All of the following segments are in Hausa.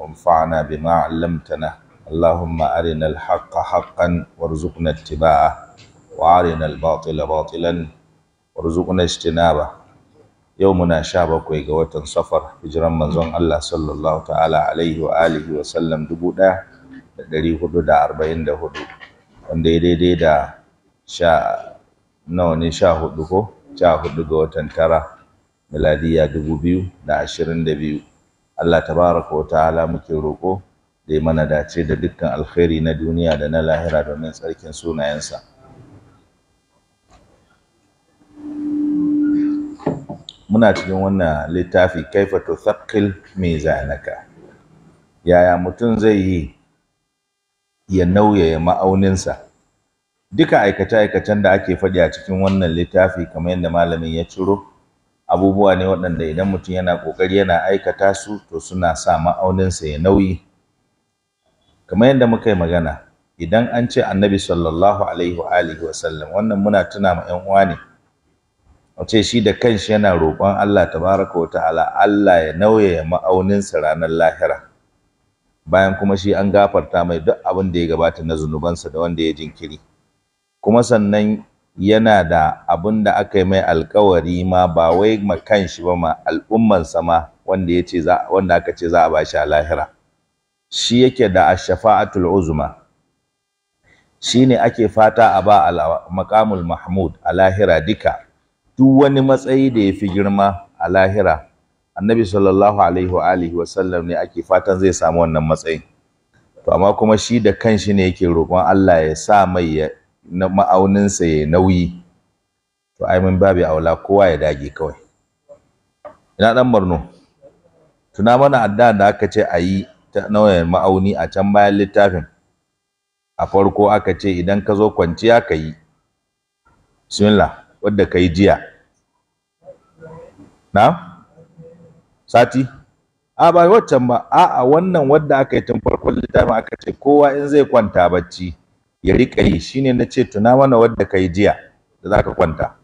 وانفعنا بما علمتنا اللهم أرنا الحق حقا وارزقنا اتباعه وأرنا الباطل باطلا وارزقنا اجتنابه يومنا شابك ويقوة صفر هجرا من زن الله صلى الله تعالى عليه وآله وسلم دبودا دري هدو دا أربعين دا هدو وندي دي دي دا شا نوني شا هدو شا هدو قوة ترى miladiya dubu biyu da ashirin da biyu Allah ta tabaraka wa ta'ala muke roƙo da ya mana dace da dukkan alkhairi na duniya da na lahira domin tsarkin sunayensa muna cikin wannan littafi kaifa mai zanaka. yaya mutum zai yi ya nauyaya ma'auninsa duka aikace-aikacen da ake faɗi a cikin wannan littafi kamar yadda malamin ya ciro abubuwa ne waɗanda idan mutum yana ƙoƙari yana aikata su to suna sa ma'auninsa ya nauyi kamar yadda muka yi magana idan an ce annabi sallallahu alaihi wa alihi wa sallam wannan muna tuna ma ƴan uwa ne ce shi da kanshi yana roƙon Allah tabaraka wa ta'ala Allah ya nauyaya ma'auninsa ranar lahira bayan kuma shi an gafarta mai duk abin da ya gabata na zunubansa da wanda ya jinkiri kuma sannan yana da abin da aka yi mai alkawari ma ba wai makan shi ba ma al'ummansa ma wanda ya ce wanda aka ce za a bashi a lahira shi yake da ash-shafa'atul uzma shine ake fata a ba maqamul mahmud a lahira duka duk wani matsayi da ya fi girma a lahira annabi sallallahu alaihi wa alihi wa sallam ne ake fatan zai samu wannan matsayin to amma kuma shi da kanshi ne yake roƙon Allah ya sa mai ya na ma'auninsa ya nauyi to ai mun babu aula kowa ya dage kawai ina dan barno tuna mana adda da aka ce a yi ta nauyin ma'auni a can bayan littafin a farko aka ce idan ka zo kwanciya ka yi bismillah wadda ka yi jiya na sati a ba waccan ba a a wannan wadda aka yi tun farkon littafin aka ce kowa in zai kwanta bacci ya riƙa yi shine na ce tuna mana wadda ka yi jiya da za ka kwanta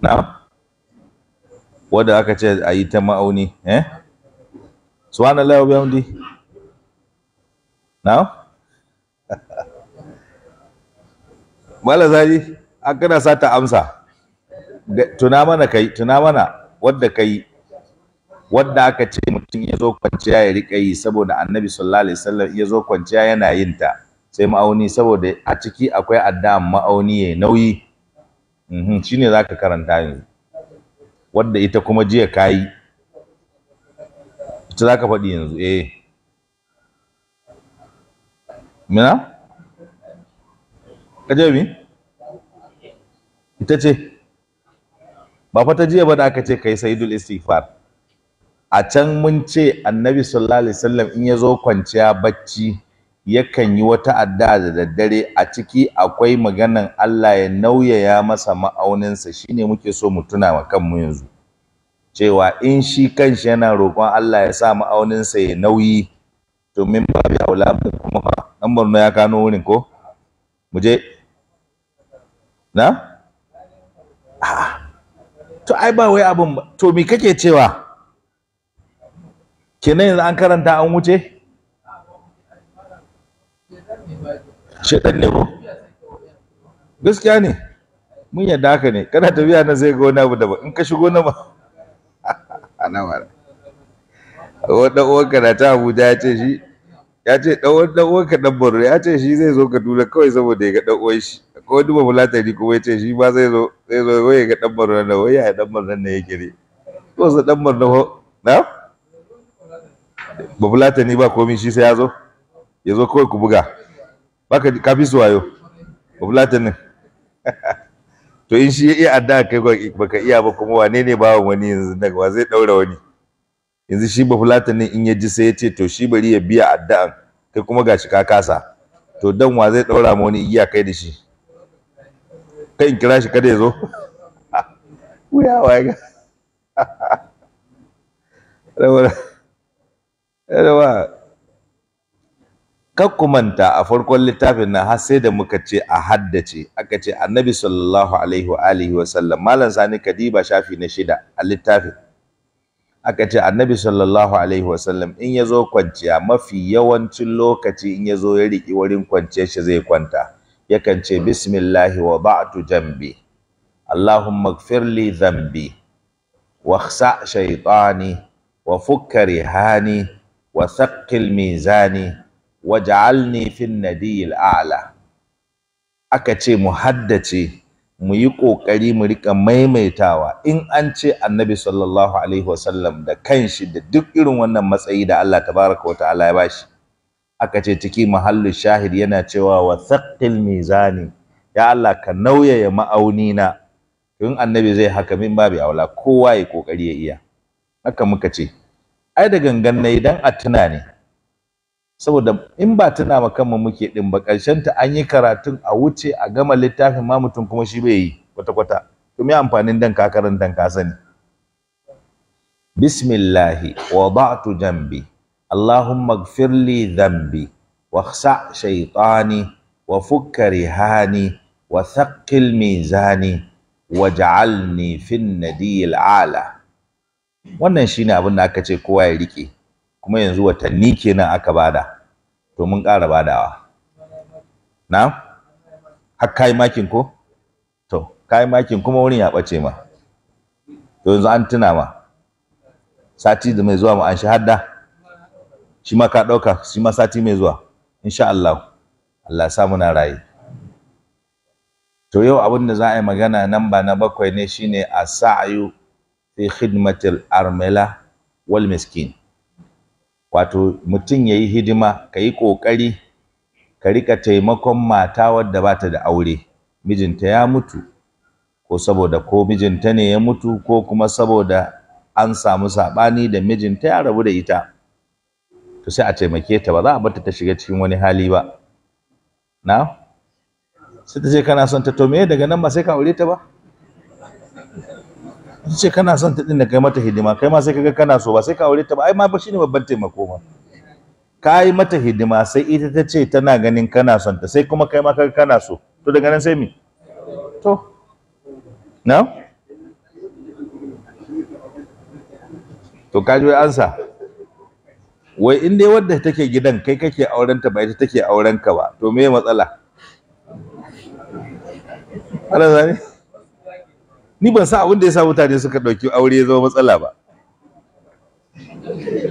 na wadda aka ce a yi ta ma'auni eh subhanallah wa di, na mala zaji a kana sata amsa tuna mana kai tuna mana wadda ka yi wadda aka ce mutum ya zo kwanciya ya riƙa yi saboda annabi sallallahu alaihi wasallam ya zo kwanciya yana yin ta sai ma'auni saboda a ciki akwai addu'a ma'auni ya nauyi mhm shine zaka karanta yanzu wadda ita kuma jiya kai ita zaka faɗi yanzu eh mina kaje mi ita ce ba fata jiya ba da aka ce kai sayyidul istighfar a can mun ce annabi sallallahu alaihi wasallam in ya zo kwanciya bacci yakan yi wata addu'a da daddare a ciki akwai maganan Allah ya nauyaya masa ma'auninsa shine muke so mu tuna wa kanmu yanzu cewa in shi kanshi yana roƙon Allah ya sa ma'auninsa ya nauyi to min bi aula kuma ba an barno ya kano wurin ko mu je na to ai ba wai abun to me kake cewa kenan yanzu an karanta an wuce shedan ne ba gaskiya ne mun yadda haka ne kana tafiya na zai ga wani abu daban in ka shigo na ba na mara wanda uwanka na ta abuja ya ce shi ya ce dan uwanka dan baro ya ce shi zai zo ka tura kawai saboda ya ga dan uwan shi ko duba ba fulatani kuma ya ce shi ba zai zo zai zo ya ga dan baro na wai ya dan baro na yake ne ko su dan borno na ba fulatani ba komi shi sai ya zo ya zo kawai ku buga baka kafi su wayo ba ne, to in shi ya iya adda kai baka iya ba kuma wane ne ba wani yanzu daga wa zai daura wani yanzu shi ba ne in ya ji sai ya ce to shi bari ya biya addu'an kai kuma gashi ka kasa to dan wa zai daura ma wani iya kai da shi kai in kira shi kada ya zo wuya wa ga yawa kakkumanta a farkon littafin na har sai da muka ce a haddace aka ce annabi sallallahu alaihi wa alihi wa sallam malam sani kadiba shafi na shida a littafin aka ce annabi sallallahu alaihi wa sallam in ya zo kwanciya mafi yawancin lokaci in ya zo ya riƙi wurin kwanciyar shi zai kwanta yakan ce bismillahi wa ba'tu jambi allahumma gfirli dhanbi wa khsa shaytani wa fukka rihani Wasakil mizani waj'alni fin nadiyil a'la aka ce mu haddace mu yi ƙoƙari mu rika maimaitawa in an ce annabi sallallahu alaihi wasallam da kanshi da duk irin wannan matsayi da Allah tabaraka wa ta'ala ya bashi aka ce ciki mahallu shahid yana cewa wa mizani ya Allah ka nauyaya ma'auni na in annabi zai haka min babu aula kowa ya kokari ya iya haka muka ce ai da gangan na dan a tuna ne saboda in ba tuna ma kanmu muke din ba karshen ta an yi karatun a wuce a gama littafin ma mutum kuma shi bai yi kwata kwata to me amfanin dan ka dan ka sani bismillahi wada'tu jambi allahumma ighfir li dhanbi wa شيطاني وفك wa وثقل ميزاني واجعلني في الندي ala. wannan shi ne abin da aka ce kowa ya rike kuma yanzu watanni kenan aka bada to mun ƙara badawa na har kayi makin ko to kayi makin kuma wurin ya ɓace ma to yanzu an tuna ma sati da mai zuwa mu an shahada shi ma ka ɗauka shi ma sati mai zuwa insha Allah Allah sa muna raye to yau abin da za a yi magana nan ba na bakwai ne shine a sa'ayu fi khidmatil armila wal miskin wato mutum ya yi hidima ka yi ƙoƙari ka rika taimakon mata wadda ba ta da aure mijinta ya mutu ko saboda ko mijinta ne ya mutu ko kuma saboda an samu saɓani da mijinta ya rabu da ita to sai a taimake ta ba za a bata ta shiga cikin wani hali ba na sai ta ce kana son ta to me daga nan ba sai ka aure ta ba ta ce kana son ta dinda da kai mata hidima kai ma sai kaga kana so ba sai ka aure ta ba ai ma ba shine babban taimako ma ka yi mata hidima sai ita ta ce tana ganin kana son ta sai kuma kai ma kaga kana so to daga nan sai mi to na to ka ji ansa wai in dai wadda take gidan kai kake auren ta ba ita take auren ka ba to me matsala Allah zane ni ban sa abin da ya sa mutane suka ɗauki aure ya zama matsala ba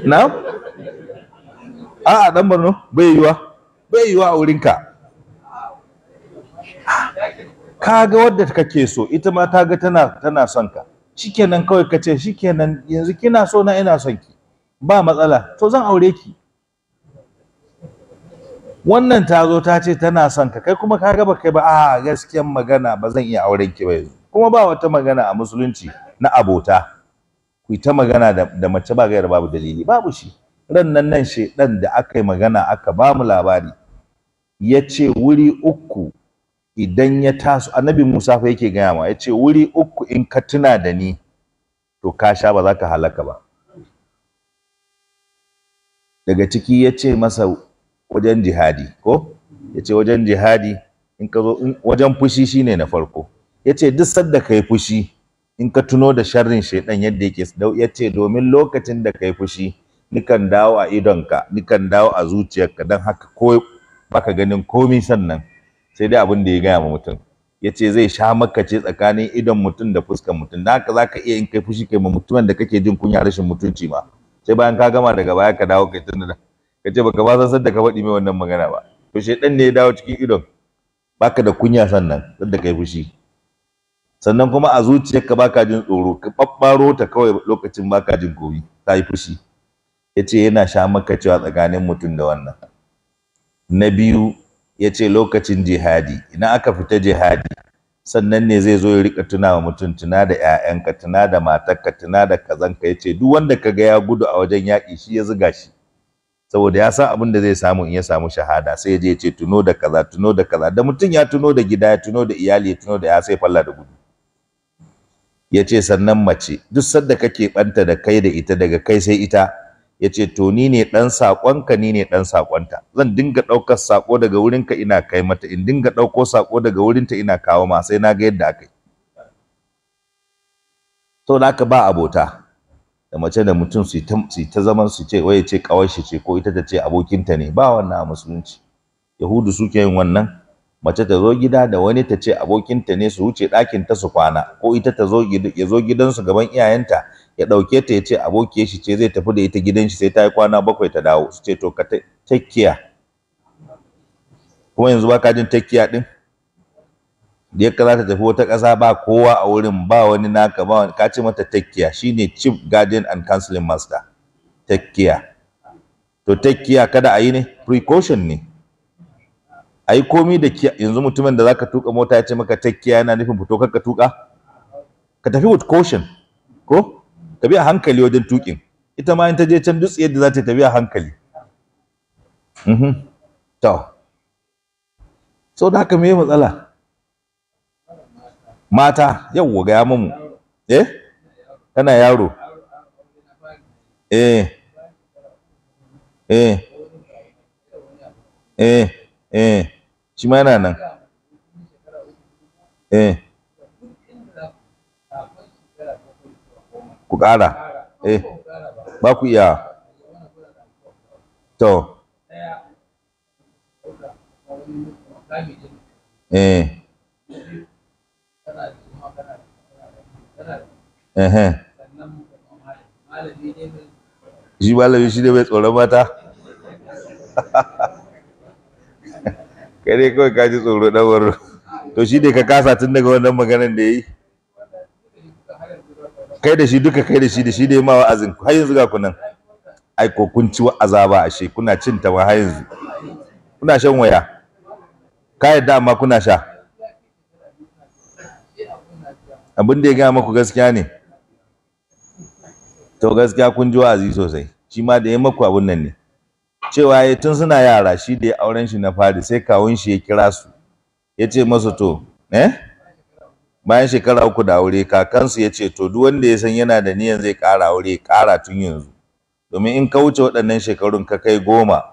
na a'a dan barno bai yiwa bai yiwa a ka ga wadda kake so ita ma ta ga tana tana son ka shikenan kawai ka ce shikenan yanzu kina so na ina son ki ba matsala to zan aure ki wannan ta zo ta ce tana son ka kai kuma ka ga ba kai ba a gaskiyan magana ba zan iya auren ki ba yanzu kuma ba wata magana a musulunci na abota ku ta magana da mace ba gaira babu dalili babu shi ran nan nan shedan da aka yi magana aka ba mu labari ya ce wuri uku idan ya taso annabi Musa fa yake gaya ma ya ce wuri uku in ka tuna da ni to ka sha ba za ka halaka ba daga ciki ya ce masa wajen jihadi ko ya ce wajen jihadi in ka zo wajen fushi shine na farko yace duk sadda kai fushi in ka tuno da sharrin shaidan yadda yake yace domin lokacin da kai fushi nikan dawo a idonka nikan dawo a zuciyarka don haka ko baka ganin komi sannan sai dai abin da ya gaya ma mutum yace zai sha ce tsakanin idon mutum da fuskan mutum don haka zaka iya in kai fushi kai ma mutumin da kake jin kunya rashin mutunci ma sai bayan ka gama daga baya ka dawo kai tunda ka ce baka ba san sadda ka faɗi mai wannan magana ba to shaidan ne ya dawo cikin idon baka da kunya sannan sadda kai fushi sannan kuma a zuciyarka baka jin tsoro ka babbaro ta kawai lokacin baka jin gobe ta yi fushi yace yana sha maka cewa tsakanin mutum da wannan na biyu yace lokacin jihadi ina aka fita jihadi sannan ne zai zo ya rika tuna wa mutum tuna da ƴaƴanka tuna da matarka tuna da kazanka yace duk wanda ka ga ya gudu a wajen yaki shi ya zuga shi saboda ya san abin da zai samu in ya samu shahada sai ya je ya ce tuno da kaza tuno da kaza da mutum ya tuno da gida ya tuno da iyali ya tuno da ya sai falla da gudu ya ce sannan mace duk sadda kake ɓanta da kai da ita daga kai sai ita ya ce to ni ne ɗan saƙonka ni ne ɗan saƙonta zan dinga ɗaukar saƙo daga wurinka ina kai mata in dinga ɗauko saƙo daga wurinta ina kawo ma sai na ga yadda aka yi to da ba abota da mace da mutum su ta zaman su ce waye ce kawai ce ko ita ta ce abokinta ne ba wannan a musulunci yahudu suke yin wannan mace ta zo gida da wani ta ce abokinta ne su wuce ɗakin ta su kwana ko ita ta zo ya zo gidansu gaban iyayenta ya ɗauke ta ya ce abokiyar shi ce zai tafi da ita gidan shi sai ta yi kwana bakwai ta dawo su ce to ka takkiya kuma yanzu ba ka jin takkiya ɗin da ya za ta tafi wata ƙasa ba kowa a wurin ba wani naka ba ka ce mata takkiya shine chief guardian and counseling master takkiya to takkiya kada a yi ne precaution ne ai komi da yanzu mutumin da zaka tuka mota ya ce maka takkiya yana nufin fito kanka tuka ka tafi with caution ko ka bi a hankali wajen tukin ita ma in ta je can dutse yadda za ta tafi a hankali mhm to so da haka me matsala mata yawwa ga mamu eh kana yaro eh eh eh eh shi ma yana nan eh ku ƙara eh ba ku iya to eh eh shi malami shi ne bai tsoron mata kai dai kawai ka ji tsoro dan warro to shi ne ka kasa tun daga wannan maganar da yi. kai da shi duka kai da shi da shi da ma wa'azin har yanzu ga kunan ai ko kun ci wa'aza ba ashe kuna cin ta ba har yanzu kuna shan waya ka yadda amma kuna sha abin da ya gaya maku gaskiya ne to gaskiya kun ji wa'azi sosai shi ma da ya maku abun nan ne cewa ya tun suna yara shi da ya auren shi na fari sai kawun shi ya kira su ya ce masu to eh? bayan shekara uku da aure kakansu ya ce to duk wanda ya san yana da niyan zai kara aure kara tun yanzu domin in ka wuce waɗannan shekarun ka kai goma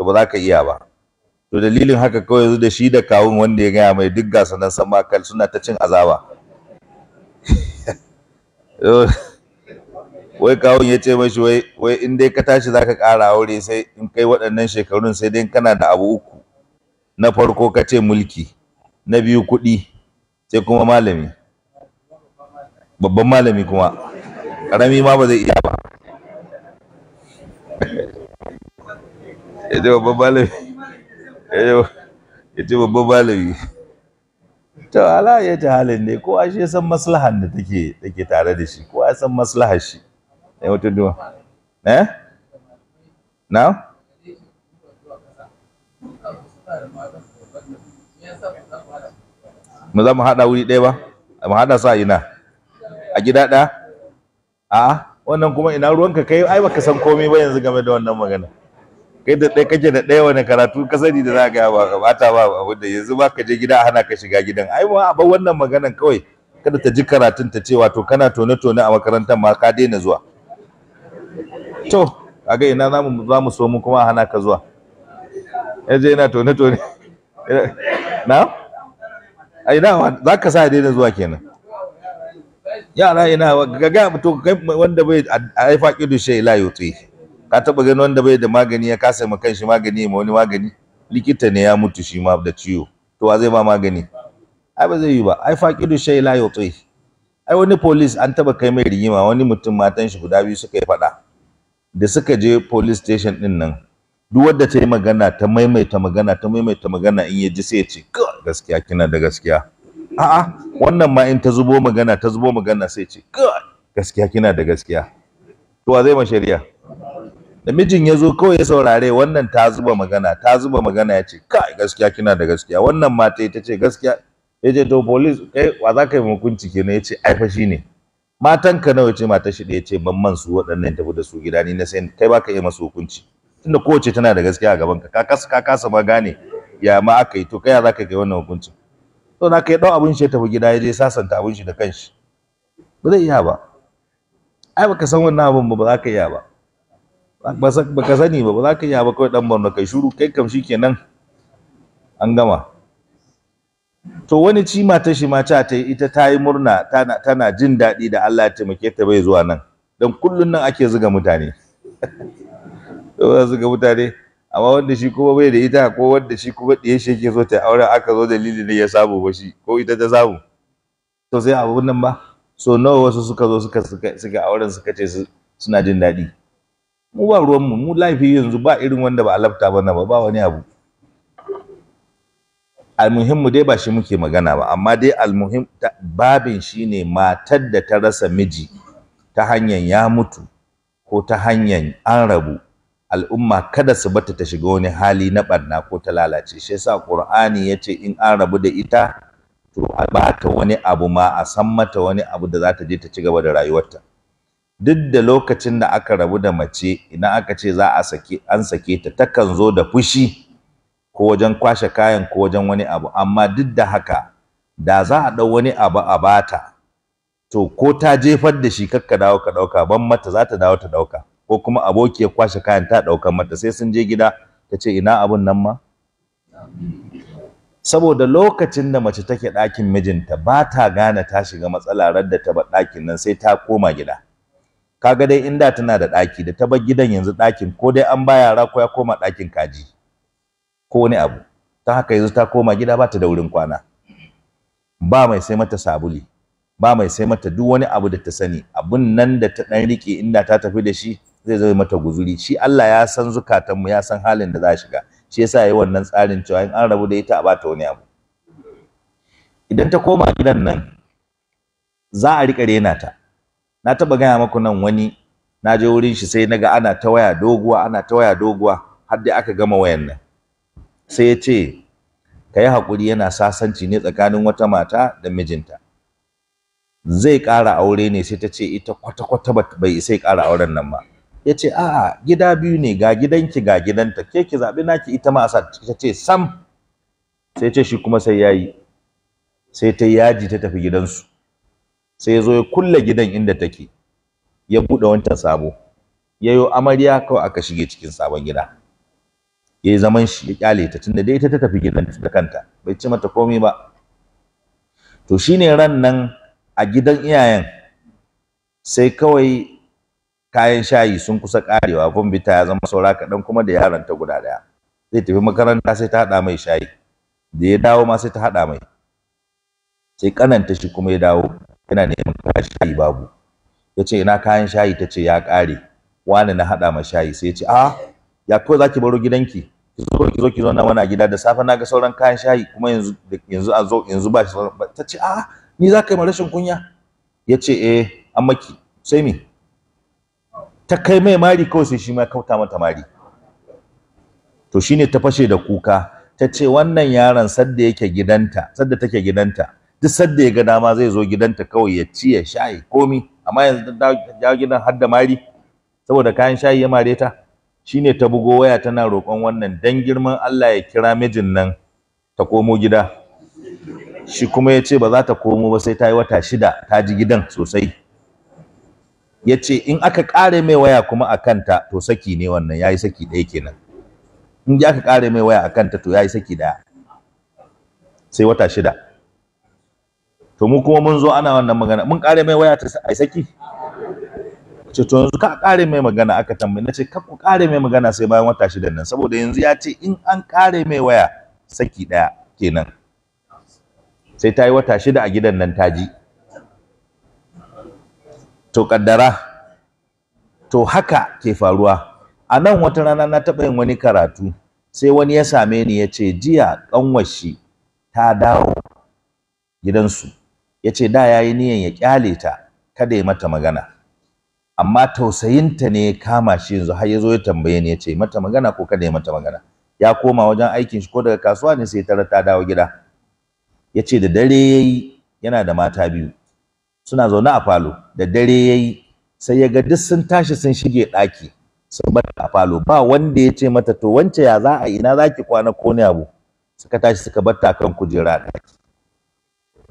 to ba za ka iya ba to dalilin haka kawai yanzu da shi da kawun wanda ya gaya mai duk gasa nan sama suna ta cin azaba wai kawun ya ce mashi wai wai in dai ka tashi za ka ƙara aure sai in kai waɗannan shekarun sai dai kana da abu uku na farko ka ce mulki na biyu kuɗi sai kuma malami babban malami kuma ƙarami ma ba zai iya ba ya ce babban malami ya ce babban malami to ala ya ta halin ne ko ashe san maslahan da take take tare da shi ko ya san maslahar shi eh what to eh now mu za mu haɗa wuri ɗaya ba mu haɗa sa ina a gida ɗaya a wannan kuma ina ruwanka kai ai baka san komai ba yanzu game da wannan magana kai da ɗaya kake da ɗaya wani karatu ka sani da za ka ba ka bata ba abu da yanzu ba ka je gida hana ka shiga gidan ai ma a bar wannan maganan kawai kada ta ji karatun ta ce wato kana tone tone a makarantar ma ka daina zuwa to kaga ina za mu za mu so mu kuma hana ka zuwa yaje yana tone tone na ai da za ka sa daina zuwa kenan yara ina ga ga to kai wanda bai ai faƙi dushe ila yuti ka taba ganin wanda bai da magani ya kasa ma kanshi magani ma wani magani likita ne ya mutu shi ma da ciwo to wa zai ba magani ai ba zai yi ba ai faƙi dushe ila yuti ai wani police an taba kai mai rigima wani mutum matan shi guda biyu suka yi faɗa da suka je police station din nan duk wadda ta yi magana ta maimaita magana ta maimaita magana in ya ji sai ya ce gaskiya kina da gaskiya a'a wannan ma in ta zubo magana ta zubo magana sai ya ce gaskiya kina da gaskiya to wa zai ma shari'a da mijin ya zo kawai ya saurare wannan ta zuba magana ta zuba magana ya ce kai gaskiya kina da gaskiya wannan ma ta ce gaskiya ya ce to police kai eh, wa za ka yi hukunci kenan ya ce ai fa shine Matan ka nawa ce matar shi da ya ce ban man su waɗannan tafi da su gida ni na sai kai baka yi masa hukunci tunda kowace tana da gaskiya a gaban ka ka kasa ka kasa ma gane ya ma aka yi to kai ya zaka kai wannan hukuncin to na kai dau abin shi ya tafi gida ya je sasanta abin shi da kanshi ba zai iya ba ai baka san wannan abin ba ba za ka iya ba baka sani ba ba za ka iya ba kawai dan Borno kai shuru kai kam shikenan an gama to wani cima ta shi ma ta ta ita ta yi murna tana jin daɗi da Allah ya taimake ta bai zuwa nan dan kullun nan ake zuga mutane zuga mutane amma wanda shi kuma bai da ita ko wanda shi kuma ɗaya shi yake so ta aure aka zo dalili ne ya samu ba shi ko ita ta samu to sai abu nan ba so nawa wasu suka zo suka suka auren suka ce suna jin daɗi mu ba ruwan mu mu laifi yanzu ba irin wanda ba alafta lafta bana ba ba wani abu almuhimmu dai ba shi muke magana ba amma dai almuhim babin shine matar da ta rasa miji ta hanyar ya mutu ko ta hanyar an rabu al'umma kada su bata ta shiga wani hali na barna ko ta lalace shi yasa qur'ani yace in an rabu da ita to a bata wani abu ma a san mata wani abu da za ta je ta ci gaba da rayuwarta duk da lokacin da aka rabu da mace idan aka ce za a sake an sake ta takan zo da fushi ko wajen kwashe kayan ko wajen wani abu amma duk da haka da za a ɗau wani abu a bata to ko ta jefar da shi kakka dawo ka ɗauka ban mata za ta dawo ta ɗauka ko kuma aboki ya kwashe kayan ta ɗauka mata sai sun je gida ta ce ina abun nan ma saboda lokacin da mace take ɗakin mijinta ba ta gane ta shiga matsala radda ta ba ɗakin nan sai ta koma gida kaga dai inda tana da ɗaki da ta bar gidan yanzu ɗakin ko dai an ba yara ko ya koma ɗakin kaji ko wani abu ta haka yanzu ta koma gida ba ta da wurin kwana ba mai sai mata sabuli ba mai sai mata duk wani abu da ta sani abun nan da ta dan rike inda ta tafi da shi zai zama mata guzuri shi Allah ya san zukatanmu ya san halin da za shiga shi yasa yayi wannan tsarin cewa in an rabu da ita a bata wani abu idan ta koma gidan nan za a rika rena ta na taba gaya maku nan wani na je wurin shi sai naga ana ta waya doguwa ana ta waya doguwa har dai aka gama wayan nan sai ya ce ka yi haƙuri yana sasanci ne tsakanin wata mata da mijinta zai ƙara aure ne sai ta ce ita kwata-kwata bai sai ƙara auren nan ba ya ce a'a gida biyu ne ga gidanki ga gidanta ke ki zaɓi naki ita ma a ta ce sam sai ce shi kuma sai ya yi sai ta yaji ta tafi gidansu sai ya zo ya kulle gidan inda take ya buɗe wancan sabo Ya yayo amarya kawai aka shige cikin sabon gida yayi zaman shi ya kyale ta tunda dai ita ta tafi gidan da kanta bai ci mata komai ba to shine ran nan a gidan iyayen sai kawai kayan shayi sun kusa karewa bombita ya zama saura kaɗan kuma da yaron ta guda ɗaya zai tafi makaranta sai ta haɗa mai shayi da ya dawo ma sai ta haɗa mai sai kananta shi kuma ya dawo yana neman kayan shayi babu ya ce ina kayan shayi ta ce ya kare. wani na haɗa ma shayi sai ya ce a ah, ya kawai zaki ki baro gidanki ki zo ki zo ki zauna mana gida da safe na ga sauran kayan shayi kuma yanzu yanzu an zo yanzu ba shi ta ce a'a ni za ka yi rashin kunya ya ce eh an maki sai me ta kai mai mari kawai sai shi ma kauta mata mari to shine ta fashe da kuka ta ce wannan yaron sadda yake gidanta sadda take gidanta duk sadda ya ga dama zai zo gidanta kawai ya ci ya shayi komi amma yanzu ta dawo gidan har da mari saboda kayan shayi ya mare ta Shi ne ta bugo waya tana roƙon wannan dan girman Allah ya kira mijin nan ta komo gida shi kuma ya ce ba za ta komo ba sai ta yi wata shida ta ji gidan sosai ya ce in aka ƙare mai waya kuma a kanta to saki ne wannan ya yi saki ɗaya kenan in ji aka ƙare mai waya a kanta to ya yi saki ɗaya sai wata shida to mu kuma mun zo ana wannan magana mun ƙare mai waya ta a saki ce to yanzu ka kare mai magana aka tambaye nace ka ku kare mai magana sai bayan wata shida nan saboda yanzu ya ce in an kare mai waya saki ɗaya kenan sai ta yi wata shida a gidan nan ta ji to kaddara to haka ke faruwa a nan wata rana na taɓa yin wani karatu sai wani ya same ni ya ce jiya ƙanwashi ta dawo gidansu ya ce da ya yi niyan ya ƙyale ta kada ya mata magana amma tausayinta ne ya kama shi yanzu har ya zo ya tambaye ni ya ce mata magana ko kada ya mata magana ya koma wajen aikin shi ko daga kasuwa ne sai tara ta dawo gida ya ce da dare ya yi yana da mata biyu suna zaune a falo da dare ya yi sai ya ga duk sun tashi sun shige ɗaki sun bar a falo ba wanda ya ce mata to wance ya za a ina za ki kwana ko ne abu suka tashi suka bar ta kan kujera ɗaki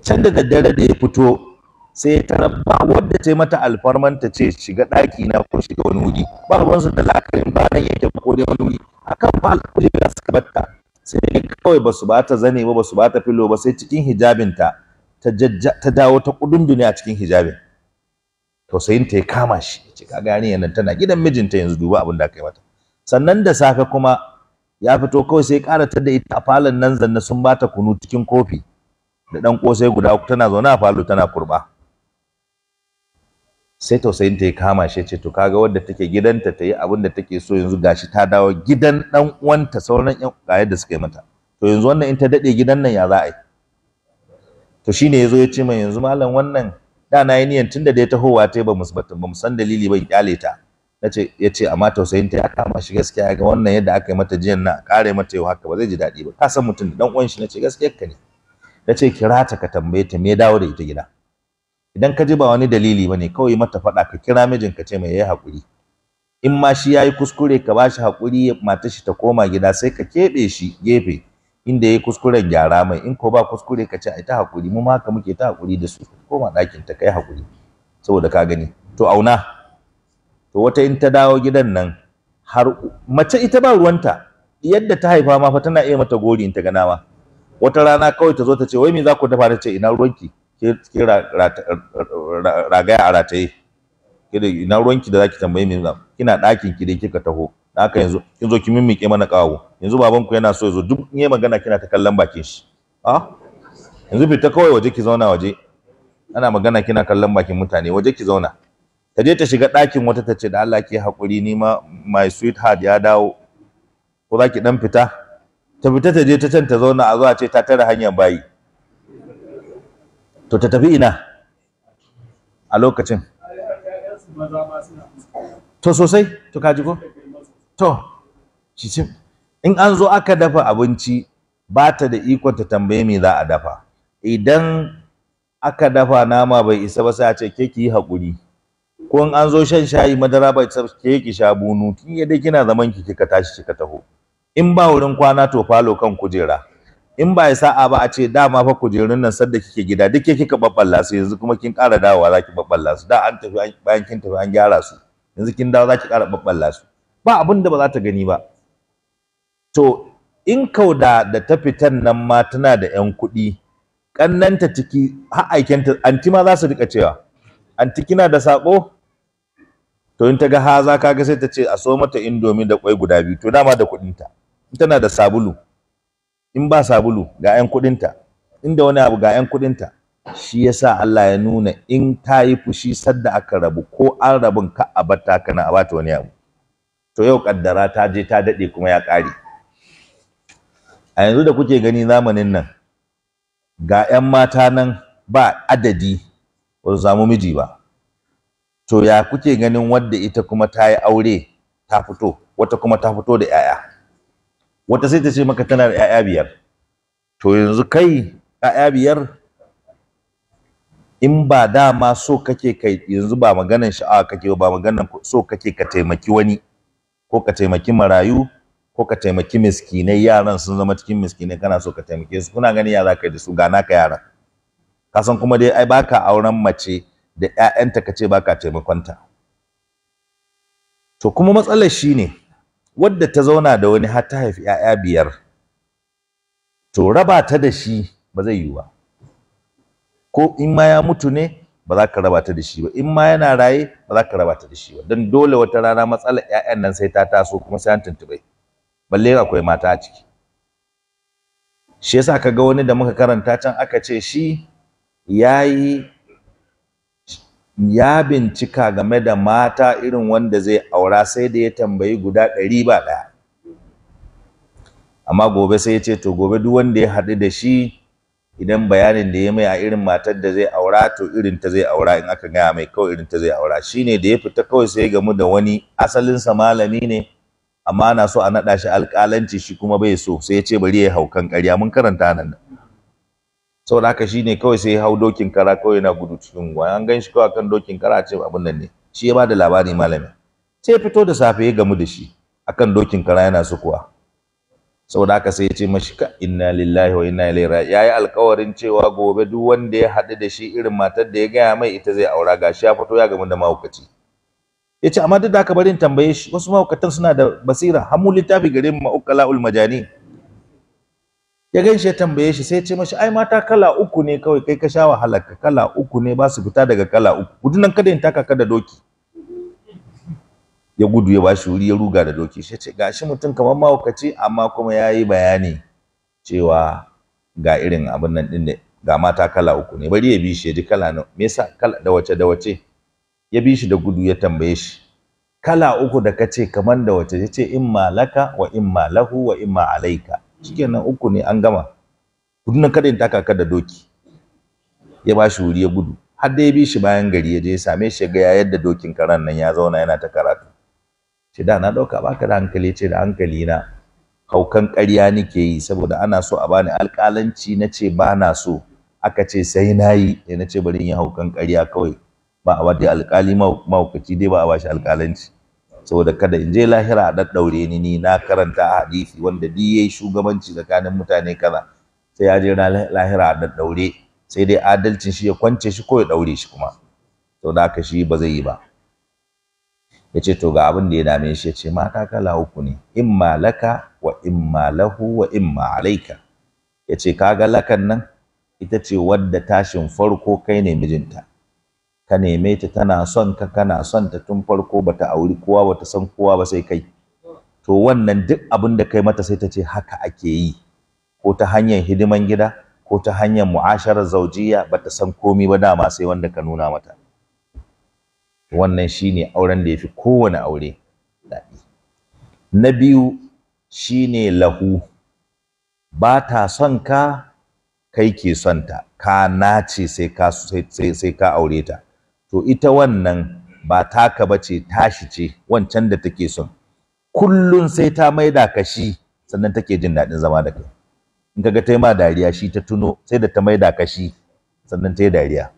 can da daddare da ya fito sai ta rabba, wadda ta mata alfarman ta ce shiga ɗaki na ko shiga wani wuri ba ruwansu da lakarin, ba nan yake ba ko dai wani wuri akan ba da suka batta sai kawai ba su ba ta zane ba ba su ba ta filo ba sai cikin hijabinta ta dawo ta kudin duniya cikin hijabin sai ta ya kama shi ce ka gani yanan tana gidan mijinta yanzu duba abin da aka yi mata sannan da safe kuma ya fito kawai sai ƙara ta da ita a falon nan zanne sun ba ta kunu cikin kofi da ɗan ƙosai guda tana zaune a falo tana kurɓa sai tausayin ta ya kama shi ce to kaga wanda take gidanta ta yi abin da take so yanzu gashi ta dawo gidan dan uwanta sauran yan kayar da suka yi mata to yanzu wannan in ta dade gidan nan ya za a yi to shine yazo ya ce mai yanzu malam wannan da na yi niyan tunda da ya tahowa ta ba mu ba musan dalili ba kyale ta nace yace amma tausayin ta ya kama shi gaskiya ga wannan yadda aka yi mata jiyan na kare mata yau haka ba zai ji daɗi ba ka san mutum dan uwan shi nace gaskiya ka ne nace kira ta ka tambaye ta me dawo da ita gida idan ka ji ba wani dalili bane kawai mata faɗa ka kira mijin ka ce mai yayi hakuri. in ma shi yayi kuskure ka bashi hakuri mata shi ta koma gida sai ka keɓe shi gefe inda yayi kuskuren gyara mai in ko ba kuskure ka ce ai ta haƙuri mu ma haka muke ta haƙuri da su koma ɗakin ta kai haƙuri saboda ka gani to auna to wata in ta dawo gidan nan har mace ita ba ruwanta yadda ta haifa ma fa tana iya mata gori in ta ga nawa wata rana kawai ta zo ta ce wai me za ku dafa ta ce ina ruwanki ke ragaya a rataye kida ina ruwanki da zaki tambaye min zam. kina ɗakin ki dai kika taho da haka yanzu kin zo ki mimmike mana kawo yanzu baban ku yana so yazo duk in yayi magana kina ta kallon bakin shi a yanzu fita kawai waje ki zauna waje ana magana kina kallon bakin mutane waje ki zauna ta je ta shiga ɗakin wata ta ce da Allah ke haƙuri ni ma my sweetheart ya dawo ko za ki ɗan fita ta fita ta je ta can ta zauna a zuwa ce ta tare hanyar bayi to ta tafi ina a lokacin to sosai to kaji ko to shi in an zo aka dafa abinci ba ta da ikon ta tambaye me za a dafa idan aka dafa nama bai isa ba sai a ce ke ki yi haƙuri ko in an zo shan shayi madara bai isa ke ki sha bunu kin yadda kina zaman ki kika tashi kika taho in ba wurin kwana to falo kan kujera in ba ya sa'a ba a ce dama fa kujerun nan sadda kike gida duk ke kika babballa su yanzu kuma kin ƙara dawowa za ki babballa su da an tafi bayan kin tafi an gyara su yanzu kin dawo za ki ƙara babballa su ba abin da ba za ta gani ba to in kauda da ta fitan nan ma tana da ƴan kuɗi ƙannanta ciki har aikenta anti ma za su rika cewa anti kina da sako to in ta ga haza kaga sai ta ce a so mata indomi da kwai guda biyu to dama da kuɗinta tana da sabulu in ba sabulu ga 'yan kuɗinta inda wani abu ga 'yan kuɗinta shi yasa Allah ya nuna in ta yi fushi sadda aka rabu ko an rabun ka a batta kana a bata wani abu to yau kaddara ta je ta daɗe kuma ya ƙare a yanzu da kuke gani zamanin nan ga 'yan mata nan ba adadi ba su samu miji ba to ya kuke ganin wadda ita kuma ta yi aure ta fito wata kuma ta fito da 'ya'ya wata sai ta ce maka tana da 'ya'ya biyar to yanzu kai 'ya'ya biyar in ba dama so kake kai yanzu ba maganan sha'awa kake ba maganan so kake ka taimaki wani ko ka taimaki marayu ko ka taimaki miskinai yaran sun zama cikin miskinai kana so ka taimake su kuna gani yara kai da su ga naka yaran ka san kuma dai ai baka auren mace da 'ya'yanta ka ce baka taimakonta to kuma matsalar shi ne. wadda ta zauna da wani har ta haifi 'ya'ya biyar to raba ta da shi ba zai yiwu ba ko in ma ya mutu ne ba za ka raba ta da shi ba in ma yana raye ba za ka raba ta da shi ba don dole wata rana matsalar 'ya'yan nan sai ta taso kuma sai an tuntuɓe balle akwai mata a ciki shi yasa ka ga wani da muka karanta can aka ce shi ya yi ya bincika game da mata irin wanda zai aura sai da ya tambayi guda ɗari ba ɗaya amma gobe sai ya ce to gobe duk wanda ya haɗu da shi idan bayanin da ya mai a irin matar da zai aura to irin ta zai aura in aka gaya mai kawai irin ta zai aura Shi ne da ya fita kawai sai gamu da wani asalinsa malami ne amma na so a naɗa shi alƙalanci shi kuma bai so sai ya ce bari ya yi haukan ƙarya mun karanta nan saboda haka ne kawai sai hau dokin kara kawai yana gudu cikin gwa an gan shi kawai kan dokin kara ce abin nan ne shi ya bada labari malami sai fito da safe ya gamu da shi akan dokin kara yana sukuwa saboda haka sai ya ce mashi ka inna lillahi wa inna ilaihi raji yayi alƙawarin cewa gobe duk wanda ya haɗu da shi irin matar da ya gaya mai ita zai aura gashi ya fito ya gamu da mahaukaci ya ce amma duk da haka barin tambaye shi wasu mahaukatan suna da basira hamu littafi garin ma'ukala ul majani ya shi ya tambaye shi sai ya ce mashi ai mata kala uku ne kawai kai ka sha wahala ka kala uku ne ba su fita daga kala uku gudu nan kada in taka ka da doki ya gudu ya ba shi wuri ya ruga da doki sai ce gashi mutum kamar mahaukaci amma kuma ya yi bayani cewa ga irin abin nan din ne ga mata kala uku ne bari ya bi shi ya ji kala na me yasa kala da wace da wace ya bi shi da gudu ya tambaye shi kala uku da kace kamar da wace ya ce in malaka wa in malahu wa in ma alaika shikenan uku ne an gama kudin kada in taka ka da doki ya ba shi wuri ya gudu har da ya bi shi bayan gari ya je same shi ga ya yadda dokin karan nan ya zauna yana ta karatu ce da na dauka baka da hankali ce da hankali na haukan ƙarya nake yi saboda ana so a bani alƙalanci na ce ba na so aka ce sai na yi na ce bari in yi haukan ƙarya kawai ba a wadda alƙali mahaukaci dai ba a bashi alƙalanci saboda kada in je lahira a daddaure ni ni na karanta hadisi wanda duk yayi shugabanci tsakanin mutane kaza sai ya je lahira a daddaure sai dai adalcin shi ya kwance shi ko ya ɗaure shi kuma saboda haka shi ba zai yi ba ya ce to ga abin da ya dame shi ya ce mata kala uku ne In malaka wa in malahu wa in alaika ya ce kaga lakan nan ita ce wadda tashin farko kai ne mijinta ka neme ta tana son ka kana son ta tun farko bata auri kowa bata san kowa ba sai kai to wannan duk abin da kai mata sai ta ce haka ake yi ko ta hanyar hidiman gida ko ta hanyar mu'asharar zaujiya bata san komi ba dama sai wanda ka nuna mata wannan shine auren da yafi kowane aure daɗi na biyu shine lahu ba ta son ka kai ke son ta ka nace sai ka sai ka aure ta to ita wannan ba taka ba ce tashi ce wancan da take son kullun sai ta maida ka shi sannan take jin daɗin zama da kai in kaga ta yi ma dariya shi ta tuno sai da ta maida ka shi sannan ta yi dariya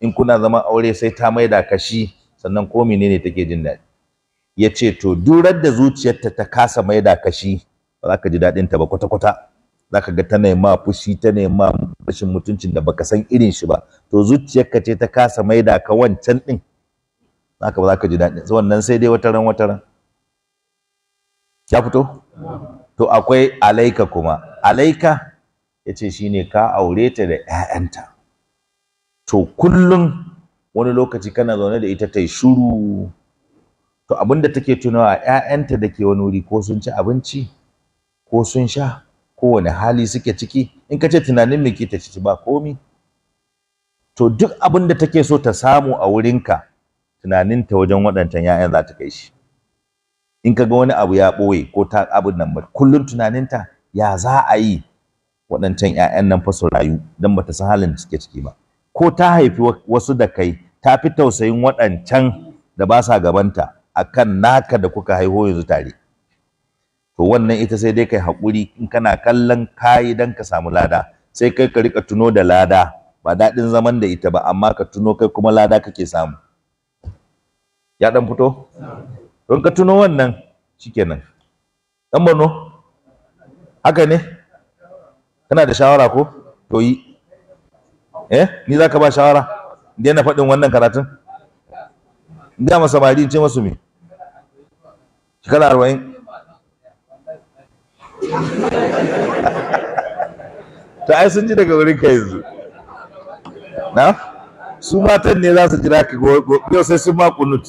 in kuna zama aure sai ta maida ka shi sannan ko menene take jin daɗi ya ce to durar da zuciyarta ta kasa maida ka shi ba za ka ji daɗinta ba kwata-kwata zaka ga ta nema fushi ta nema rashin mutuncin da baka san irin shi ba to zuciyarka ce ta kasa maida ka wancan din zaka ba zaka ji daɗin wannan sai dai wataran wataran ya fito to akwai alaika kuma alaika yace shine ka aure ta da ƴaƴanta to kullum wani lokaci kana zaune da ita tai shuru to abinda take tunawa ƴaƴanta da ke wani wuri ko sun ci abinci ko sun sha kowane hali suke ciki in ka ce tunanin me ke ta ci ba komi to duk abin da take so ta samu a wurinka tunaninta wajen waɗancan 'ya'yan za ta kai shi in ka ga wani abu ya ɓoye ko ta abin nan ba kullum tunaninta ya za a yi waɗancan 'ya'yan nan fa su rayu don ta san halin da suke ciki ba ko ta haifi wasu da kai ta fi tausayin waɗancan da ba sa gabanta akan naka da kuka haihu yanzu tare to wannan ita sai dai kai haƙuri in kana kallon kayi dan ka samu lada sai kai ka rika tuno da lada ba daɗin zaman da ita ba amma ka tuno kai kuma lada kake samu ya dan fito don ka tuno wannan shikenan dan bano haka ne kana da shawara ko to yi eh ni zaka ba shawara na faɗin wannan karatun ga masa bari ce masu me shekara arba'in ta ai sun ji daga wurin ka yanzu na su matan ne za su jira ka yau sai sun ma kunut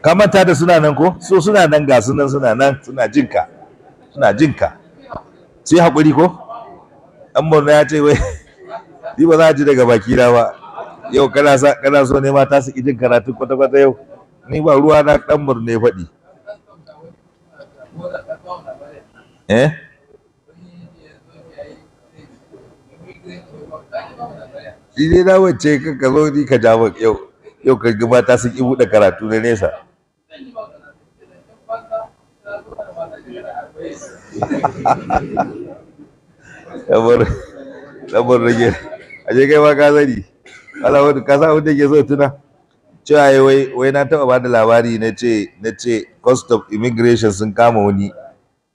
ka manta da suna nan ko so suna nan ga nan, suna nan suna jinka suna jinka sai haƙuri ko an murna ya ce wai ni ba za a ji daga bakina ba yau kana so ne ma ta su jin karatu kwata-kwata yau ni ba ruwa na ɗan murne faɗi eh shi ne na wacce ka ka zo ni ka jawo yau yau ka gaba ta sun ki buɗe karatu na nesa lamar rage aje kai ma ka zani ala wani ka sa wanda ke so tuna cewa wai na taɓa ba da labari na ce na ce cost of immigration sun kama wani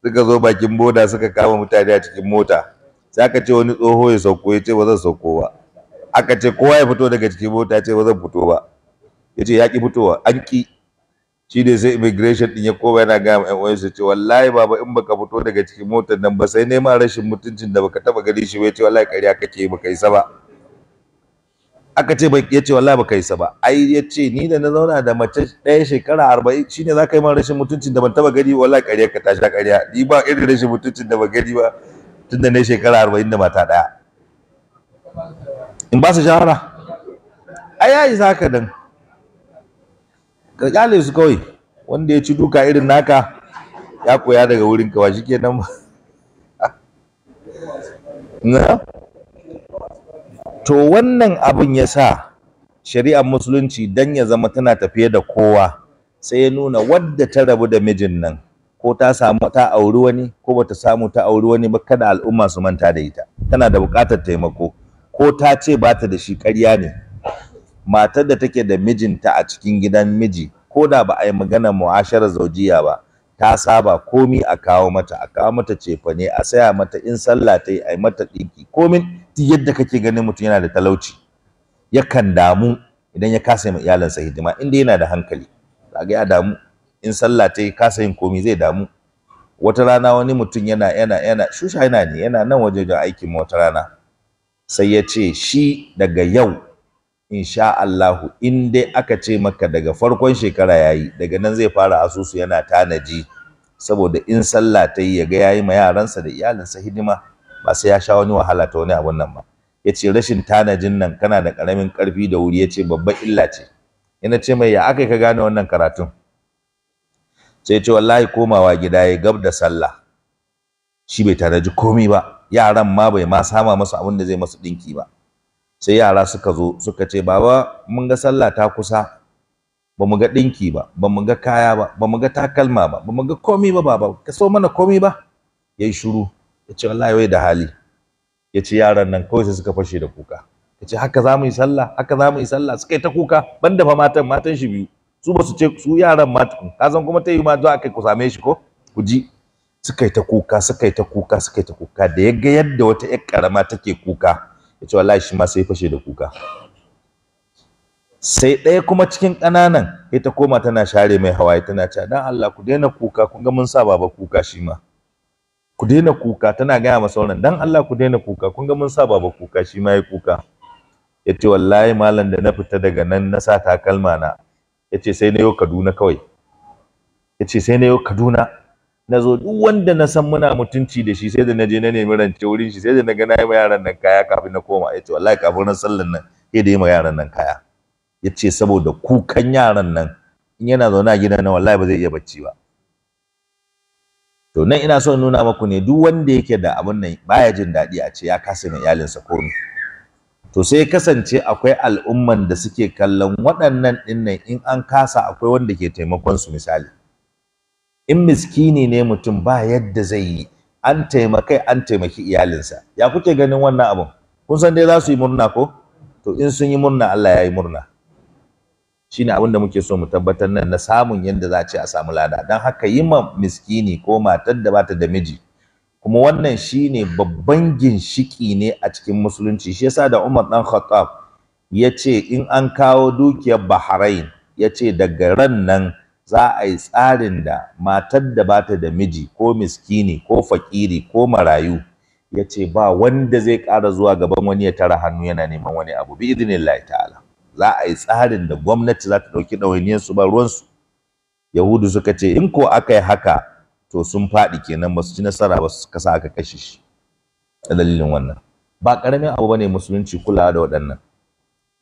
suka zo bakin boda suka kama mutane a cikin mota sai aka ce wani tsoho ya sauko ya ce ba zan sauko ba aka ce kowa ya fito daga cikin mota ya ce ba zan fito ba ya ce ya ki fitowa an ki shi ne sai immigration din ya koma yana gaya ma 'yan uwansa ce wallahi baba in baka fito daga cikin motar nan ba sai neman rashin mutuncin da baka taba gani shi ba ya ce wallahi kariya kake baka isa ba aka ce bai yace wallahi baka isa ba ai yace ni da na zauna da mace ɗaya shekara 40 shine zaka yi man rashin mutuncin da ban taba gani wallahi ƙarya ka tashi da ƙarya ni ba irin rashin mutuncin da ban gani ba tunda ne shekara 40 da mata ɗaya in ba su shawara ai yayi zaka dan kyale su kawai wanda ya ci duka irin naka ya koya daga wurin ka ba kenan ba na to wannan abin ya sa shari'ar musulunci dan ya zama tana tafiye da kowa sai ya nuna wadda ta rabu da mijin nan ko ta samu ta auri wani ko bata samu ta auri wani ba kada al'umma su manta da ita tana da buƙatar taimako ko ta ce bata da shi ƙarya ne matar da take da mijinta a cikin gidan miji ko da ba a yi magana mu'asharar zaujiya ba ta saba komi a kawo mata a kawo mata cefane a saya mata in sallah ta yi a yi mata ɗinki komin ti yadda kake ganin mutum yana da talauci yakan damu idan ya kasa ma iyalansa hidima inda yana da hankali kaga ya damu in sallah ta yi kasa yin komi zai damu wata rana wani mutum yana yana yana shusha ne yana nan waje aikin wata rana sai ya ce shi daga yau insha Allahu in dai aka ce maka daga farkon shekara yayi daga nan zai fara asusu yana tanaji saboda in sallah ta yi ya ga yayi ma yaransa da iyalinsa hidima ba sai ya sha wani wahala ta wani abun nan ba Ya ce rashin tanajin nan kana da karamin karfi da wuri ya ce babban illa ce ina ce mai ya aka akai ka gane wannan karatun sai ce wallahi komawa gida ya gab da sallah shi bai tanaji komi ba yaran ma bai ma sama masu abin da zai masu dinki ba sai yara suka zo suka ce baba mun ga sallah ta kusa ba mu ga ɗinki ba ba mu ga kaya ba ba mu ga takalma ba ba mu ga komi ba baba ka so mana komi ba ya yi shuru ya ce wallahi wai da hali ya ce yaran nan kawai sai suka fashe da kuka ya ce haka za mu yi sallah haka za mu yi sallah suka yi ta kuka ban da fa matan matan shi biyu su ba su ce su yaran matan ka san kuma ta yi ma zuwa kai ku same shi ko ku ji suka yi ta kuka suka yi ta kuka suka yi ta kuka da ya ga yadda wata ƴar ƙarama take kuka ya ce wallahi shi ma sai fashe da kuka sai ɗaya kuma cikin ƙananan ita koma tana share mai hawaye tana cewa dan Allah ku daina kuka kun ga mun sa baba kuka shi ma ku daina kuka tana gaya masa wannan dan Allah ku daina kuka kun ga mun sa baba kuka shi ma ya kuka yace wallahi malam da na fita daga nan na sa takalma na yace sai na yau Kaduna kawai yace sai na yau Kaduna na zo duk wanda na san muna mutunci da shi sai da na je na nemi rance wurin shi sai da na ga na yi yaran nan kaya kafin na koma ya ce wallahi kafin na sallan nan sai da yi ma yaran nan kaya ya ce saboda kukan yaran nan in yana zaune a gidan nan wallahi ba zai iya bacci ba to nan ina so nuna maku ne duk wanda yake da abin nan baya jin daɗi a ce ya kasa mai iyalinsa komai to sai kasance akwai al'umman da suke kallon waɗannan dinnan in an kasa akwai wanda ke taimakon su misali in miskini ne mutum ba yadda zai yi an taimakai an taimaki iyalinsa ya kuke ganin wannan abun kun san dai za su yi murna ko to in sun yi murna Allah ya yi murna shine abin da muke so mu tabbatar nan na samun yadda za a ce a samu lada don haka yi ma miskini ko matar da bata da miji kuma wannan shi ne babban ginshiki ne a cikin musulunci shi yasa da Umar dan Khattab ya ce in an kawo dukiyar Bahrain ya ce daga ran nan za a yi tsarin da matar da bata da miji ko miskini ko fakiri ko marayu ya ce ba wanda zai ƙara zuwa gaban wani ya tara hannu yana neman wani abu bi idinillahi ta'ala za a yi tsarin da gwamnati za ta ɗauki ɗawainiyarsu ba ruwansu yahudu suka ce in ko aka yi haka to sun faɗi kenan ba su ci nasara ba su kasa aka kashe shi a dalilin wannan ba ƙaramin abu bane musulunci kulawa da waɗannan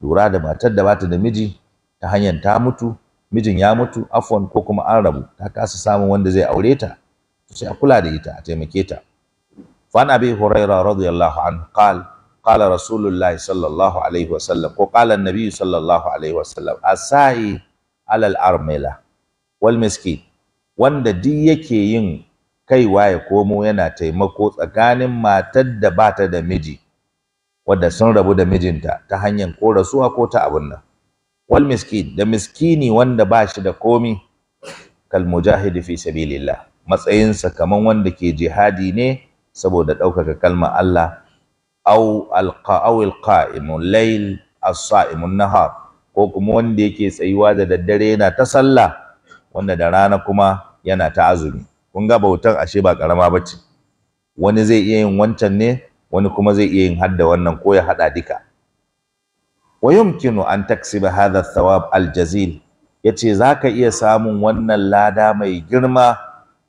lura da matar da bata da miji ta hanyar ta mutu mijin ya mutu afwan ko kuma an rabu ta kasa samun wanda zai aure ta sai a kula da ita a taimake ta fa an abi huraira radiyallahu anhu qal qala rasulullahi sallallahu alaihi wasallam ko qala annabi sallallahu alaihi wasallam asai alal armila wal miskin wanda duk yake yin kaiwa ya komo yana taimako tsakanin matar da bata da miji wadda sun rabu da mijinta ta hanyar ko rasuwa ko ta abun nan wal miskin da miskini wanda ba shi da komi kal mujahidi fi sabilillah matsayinsa kaman wanda ke jihadi ne saboda ɗaukaka kalma Allah au alqa au alqaimul layl as-saimun nahar ko kuma wanda yake tsayuwa da daddare yana ta sallah wanda da rana kuma yana ta azumi kun ga bautan ashe ba karama bace wani zai iya yin wancan ne wani kuma zai iya yin hadda wannan ko ya hada dika? wa yumkinu an taksiba hadha thawab aljazil yace zaka iya samun wannan lada mai girma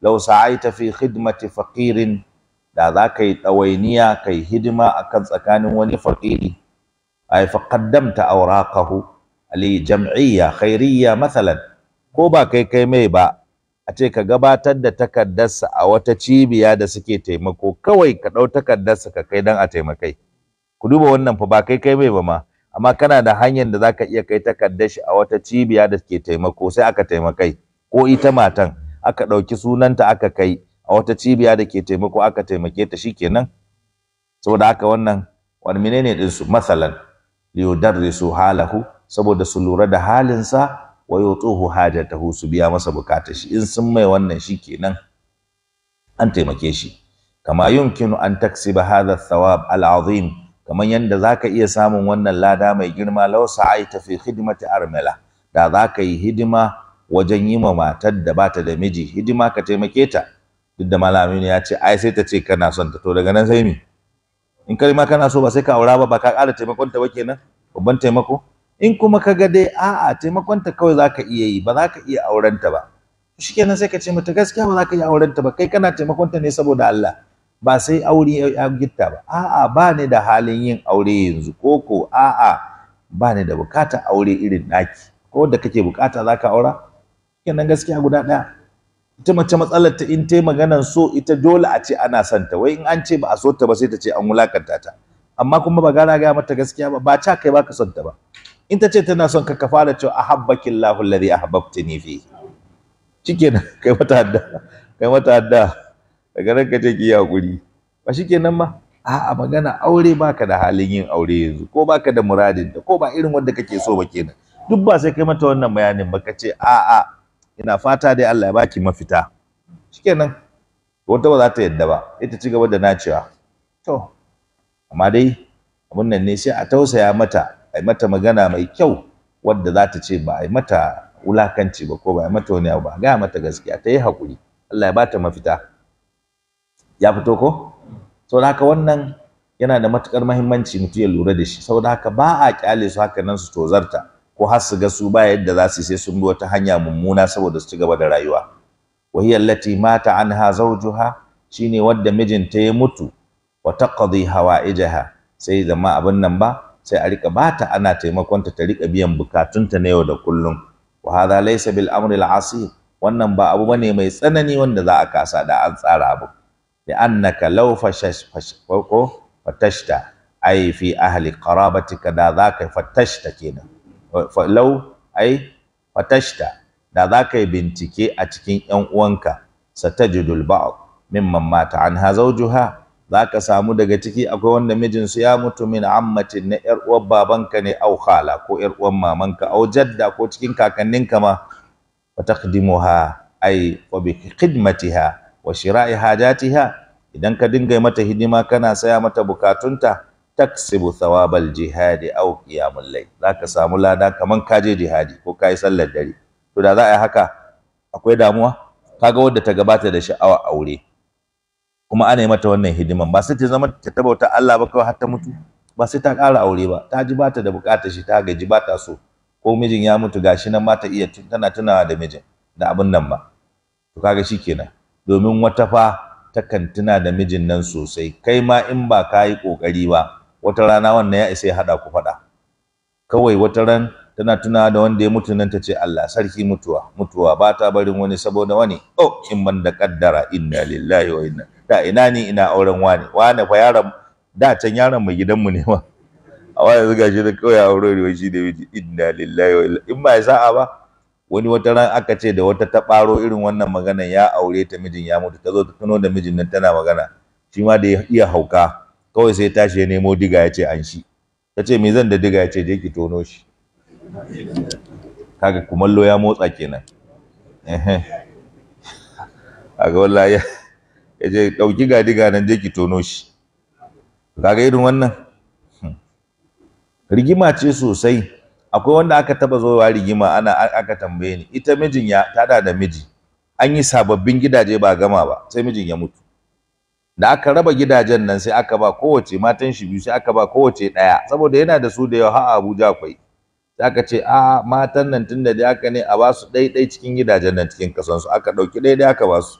law sa'aita fi khidmati faqirin da zaka yi dawainiya kai hidima akan tsakanin wani faqiri ay fa qaddamta awraqahu ali jam'iyya khairiyya mathalan ko ba kai kai mai ba a ce ka gabatar da takardarsa a wata cibiya da suke taimako kawai ka ɗau takardarsa ka kai don a taimakai ku duba wannan fa ba kai kai mai ba ma amma kana da hanyar da zaka iya kai takardar shi a wata cibiya da ke taimako sai aka taimakai ko ita matan aka ɗauki sunanta aka kai a wata cibiya da ke taimako aka taimake ta shikenan saboda haka wannan wani menene din su masalan liyudarrisu halahu saboda su lura da halin halinsa wa yutuhu hajatahu su biya masa bukatar shi in sun mai wannan shikenan an taimake shi kama yumkinu an taksiba hadha thawab al-azim kamar yadda za ka iya samun wannan lada mai girma lau sa'aita fi khidmati armala. da za ka yi hidima wajen yi ma matar da bata da miji hidima ka taimake ta duk da malami ya ce ai sai ta ce kana son ta to daga nan sai ni? in kai ma kana so ba sai ka aura ba ba ka ƙara taimakon ta ba kenan babban taimako in kuma ka ga dai a'a taimakon ta kawai za ka iya yi ba za ka iya auren ta ba shikenan sai ka ce mata gaskiya ba za ka iya auren ba kai kana taimakon ta ne saboda Allah ba sai aure ya gitta ba a'a ba ni da halin yin aure yanzu koko a'a ba ni da bukata aure irin naki ko da kake bukata zaka aura kenan gaskiya guda ɗaya ita mace matsalar ta in tai maganar so ita dole a ce ana son ta wai in an ce ba a so ta ba sai ta ce an wulakanta ta amma kuma ba gara gaya mata gaskiya ba ba ca kai baka son ta ba in ta ce tana son ka ka fara cewa ahabbakillahu alladhi lahulari fi shikenan kai mata hadda kai mata adda daga nan ka ce ki hakuri ba shikenan ba a'a magana aure baka da halin yin aure yanzu ko baka da muradin da ko ba irin wanda kake so ba kenan duk ba sai kai mata wannan bayanin ba ka ce a'a ina fata dai Allah ya baki mafita shikenan wata ba za ta yadda ba ita ci gaba da nacewa to amma dai abun nan ne sai a tausaya mata a mata magana mai kyau wadda za ta ce ba a yi mata wulakanci ba ko ba a yi mata wani abu ba gaya mata gaskiya ta yi hakuri. Allah ya bata mafita ya fito ko saboda haka wannan yana da matukar mahimmanci mutu ya lura da shi saboda haka ba a kyale su haka nan su tozarta ko har su ga su ba yadda za su sai sun bi wata hanya mummuna saboda su ci gaba da rayuwa wa hiya allati mata anha zawjuha shine wadda mijinta ya mutu wa taqdi hawaijaha sai zama abin nan ba sai a rika bata ana taimakonta ta rika biyan bukatunta na yau da kullum wa hadha laysa bil amri al asir wannan ba abu bane mai tsanani wanda za a kasa da an tsara abu li'annaka law fashash fash ko fatashta ai fi ahli qarabatika da zaka fatashta kenan law ai fatashta da zaka bincike a cikin yan uwanka satajidul ba'd mimman mata anha zawjuha zaka samu daga ciki akwai wanda mijin su ya mutu min ammatin na yar babanka ne au ko 'yar'uwan mamanka au jadda ko cikin kakanninka ma fa taqdimuha ay wa bi khidmatiha wa shira'i hajatiha idan ka dinga mata hidima kana saya mata bukatunta taksibu thawabal jihadi au qiyamul layl zaka samu lada kaman ka je jihadi ko kai sallar dare to da za a yi haka akwai damuwa kaga wadda ta gabata da sha'awa aure kuma ana yi mata wannan hidiman ba sai ta zama ta tabbata Allah ba kawai har ta mutu ba sai ta ƙara aure ba ta ji bata da bukatar shi ta gaji bata so ko mijin ya mutu gashi nan ma ta iya tana tunawa da mijin da abin nan ba to kaga shikenan domin wata fa takan tuna da mijin nan sosai kai ma in ba ka yi ƙoƙari ba wata rana wannan ya isa ya haɗa ku faɗa kawai wata ran tana tuna da wanda ya mutu nan ta ce Allah sarki mutuwa mutuwa ba ta barin wani saboda wani oh in man da kaddara inna lillahi wa inna da ina ni ina auren wani wani fa yaron da can yaron mai gidanmu ne ma a wani zuga shi da kawai auren riwa shi da miji inna lillahi wa inna in ba ya sa'a ba wani wata ran aka ce da wata ta ɓaro irin wannan magana ya aure ta mijin ya mutu ta zo ta tuno da mijin nan tana magana shi ma da ya iya hauka kawai sai tashi ya nemo diga ya ce an shi ta ce me zan da diga ya ce je ki tono shi kaga kumallo ya motsa kenan a ga wallahi ya je ɗauki ga diga nan je ki tono shi kaga irin wannan hmm. rigima ce sosai akwai wanda aka taba zowa rigima ana aka tambaye ni ita mijin ya tada da miji an yi sababbin gidaje ba gama ba sai mijin ya mutu da aka raba gidajen nan sai aka ba kowace matan shi biyu sai aka ba kowace ɗaya saboda yana da su da yawa har Abuja akwai sai aka ce a matan nan tunda da aka ne a ba su dai cikin gidajen nan cikin kasan su aka ɗauki dai aka ba su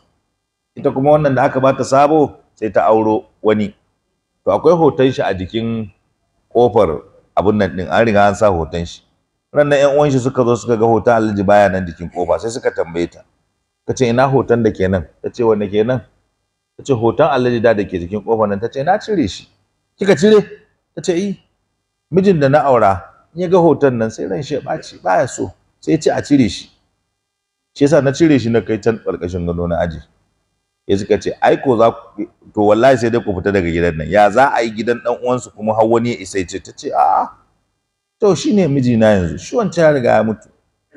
ita kuma wannan da aka ba ta sabo sai ta auro wani to akwai hoton shi a jikin kofar abun nan din an riga an sa hoton shi ranar yan uwan shi suka zo suka ga hoton alhaji baya nan jikin kofa sai suka tambaye ta ta ina hoton da ke nan ta ce wanda ke ta ce hoton alhaji da da ke jikin nan ta ce na cire shi kika cire ta ce eh. mijin da na aura in ya ga hoton nan sai ran shi ya ɓaci baya so sai ya ce a cire shi shi yasa na cire shi na kai can ƙarƙashin gado na aji ya suka ce ai ko za to wallahi sai dai ku fita daga gidan nan ya za a yi gidan dan uwansu kuma har wani ya isa ya ce ta ce a to shine miji na yanzu shi wancan ya riga ya mutu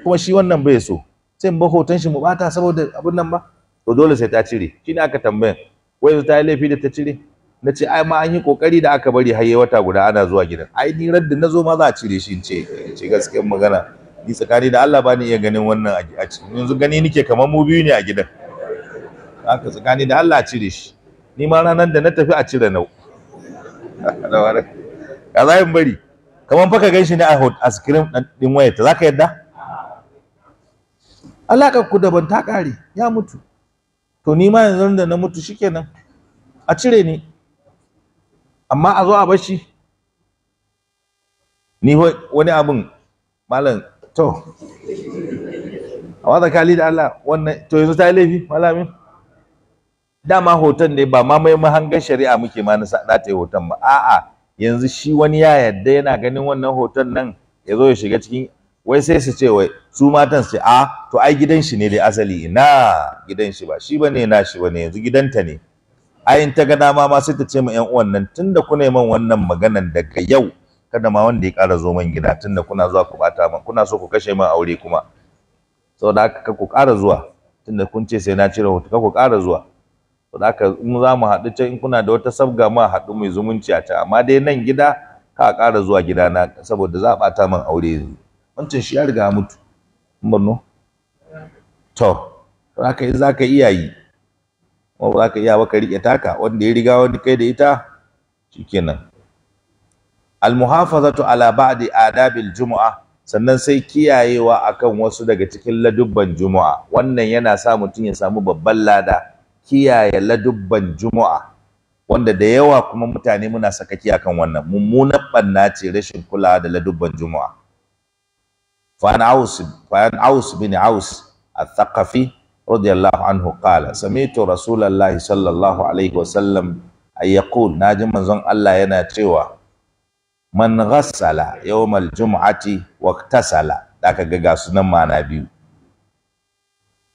kuma shi wannan bai so sai mu ba hoton shi mu bata saboda abin nan ba to dole sai ta cire shine aka tambayan wai ta yi laifi da ta cire na ce ai ma an yi kokari da aka bari har wata guda ana zuwa gidan ai ni da na zo ma za a cire shi in ce ce gaskiyar magana ni tsakani da Allah bani iya ganin wannan a cikin yanzu gani nike kamar mu biyu ne a gidan haka tsakani da Allah cire shi ni ma ranar da na tafi a cire nau ka za yin bari kamar fa ka gan shi ne a askirin ɗin wayarta za ka yadda alaƙar ku daban ta ƙare ya mutu to ni ma yanzu da na mutu shikenan a cire ni amma a zo a bashi ni wani abin malam to a wadda kali da Allah wannan to yanzu ta yi laifi malamin dama hoton ne ba ma mai mahangar shari'a muke ma na ɗata hoton ba a'a yanzu shi wani ya yadda yana ganin wannan hoton nan ya zo ya shiga cikin wai sai su ce wai su matan su a ah, to ai gidan shi ne dai asali ina gidan shi ba shi bane na shi bane yanzu gidanta ne ayin ta ga dama ma sai ta ce ma ƴan uwan nan tunda kuna man wannan maganan daga yau kada ma wanda ya ƙara zo man gida tunda kuna zuwa ku bata man kuna so ku kashe man aure kuma saboda haka ku ƙara zuwa tunda kun ce sai na cire hoto ku ƙara zuwa da haka mu za mu haɗu can in kuna da wata sabga ma haɗu mai zumunci a can amma dai nan gida ka ƙara zuwa gida na saboda za a ɓata min aure yanzu wancan shi ya riga mutu Borno to haka in za ka iya yi kuma ba za ka iya ba ka riƙe taka wanda ya riga wani kai da ita shikenan almuhafazatu ala ba'di adabil jumu'a sannan sai kiyayewa akan wasu daga cikin ladubban jumu'a wannan yana sa mutum ya samu babban lada kiyaye ladubban Juma'a wanda da yawa kuma mutane muna sakaki akan wannan mummunan banna ce rashin kula da ladubban Juma'a fan aus fan aus bin aus al-thaqafi radiyallahu anhu qala sami'tu rasulullahi sallallahu alaihi wasallam ay yaqul naji manzon Allah yana cewa man ghassala yawm ce jumati waqtasala da kaga ga sunan mana biyu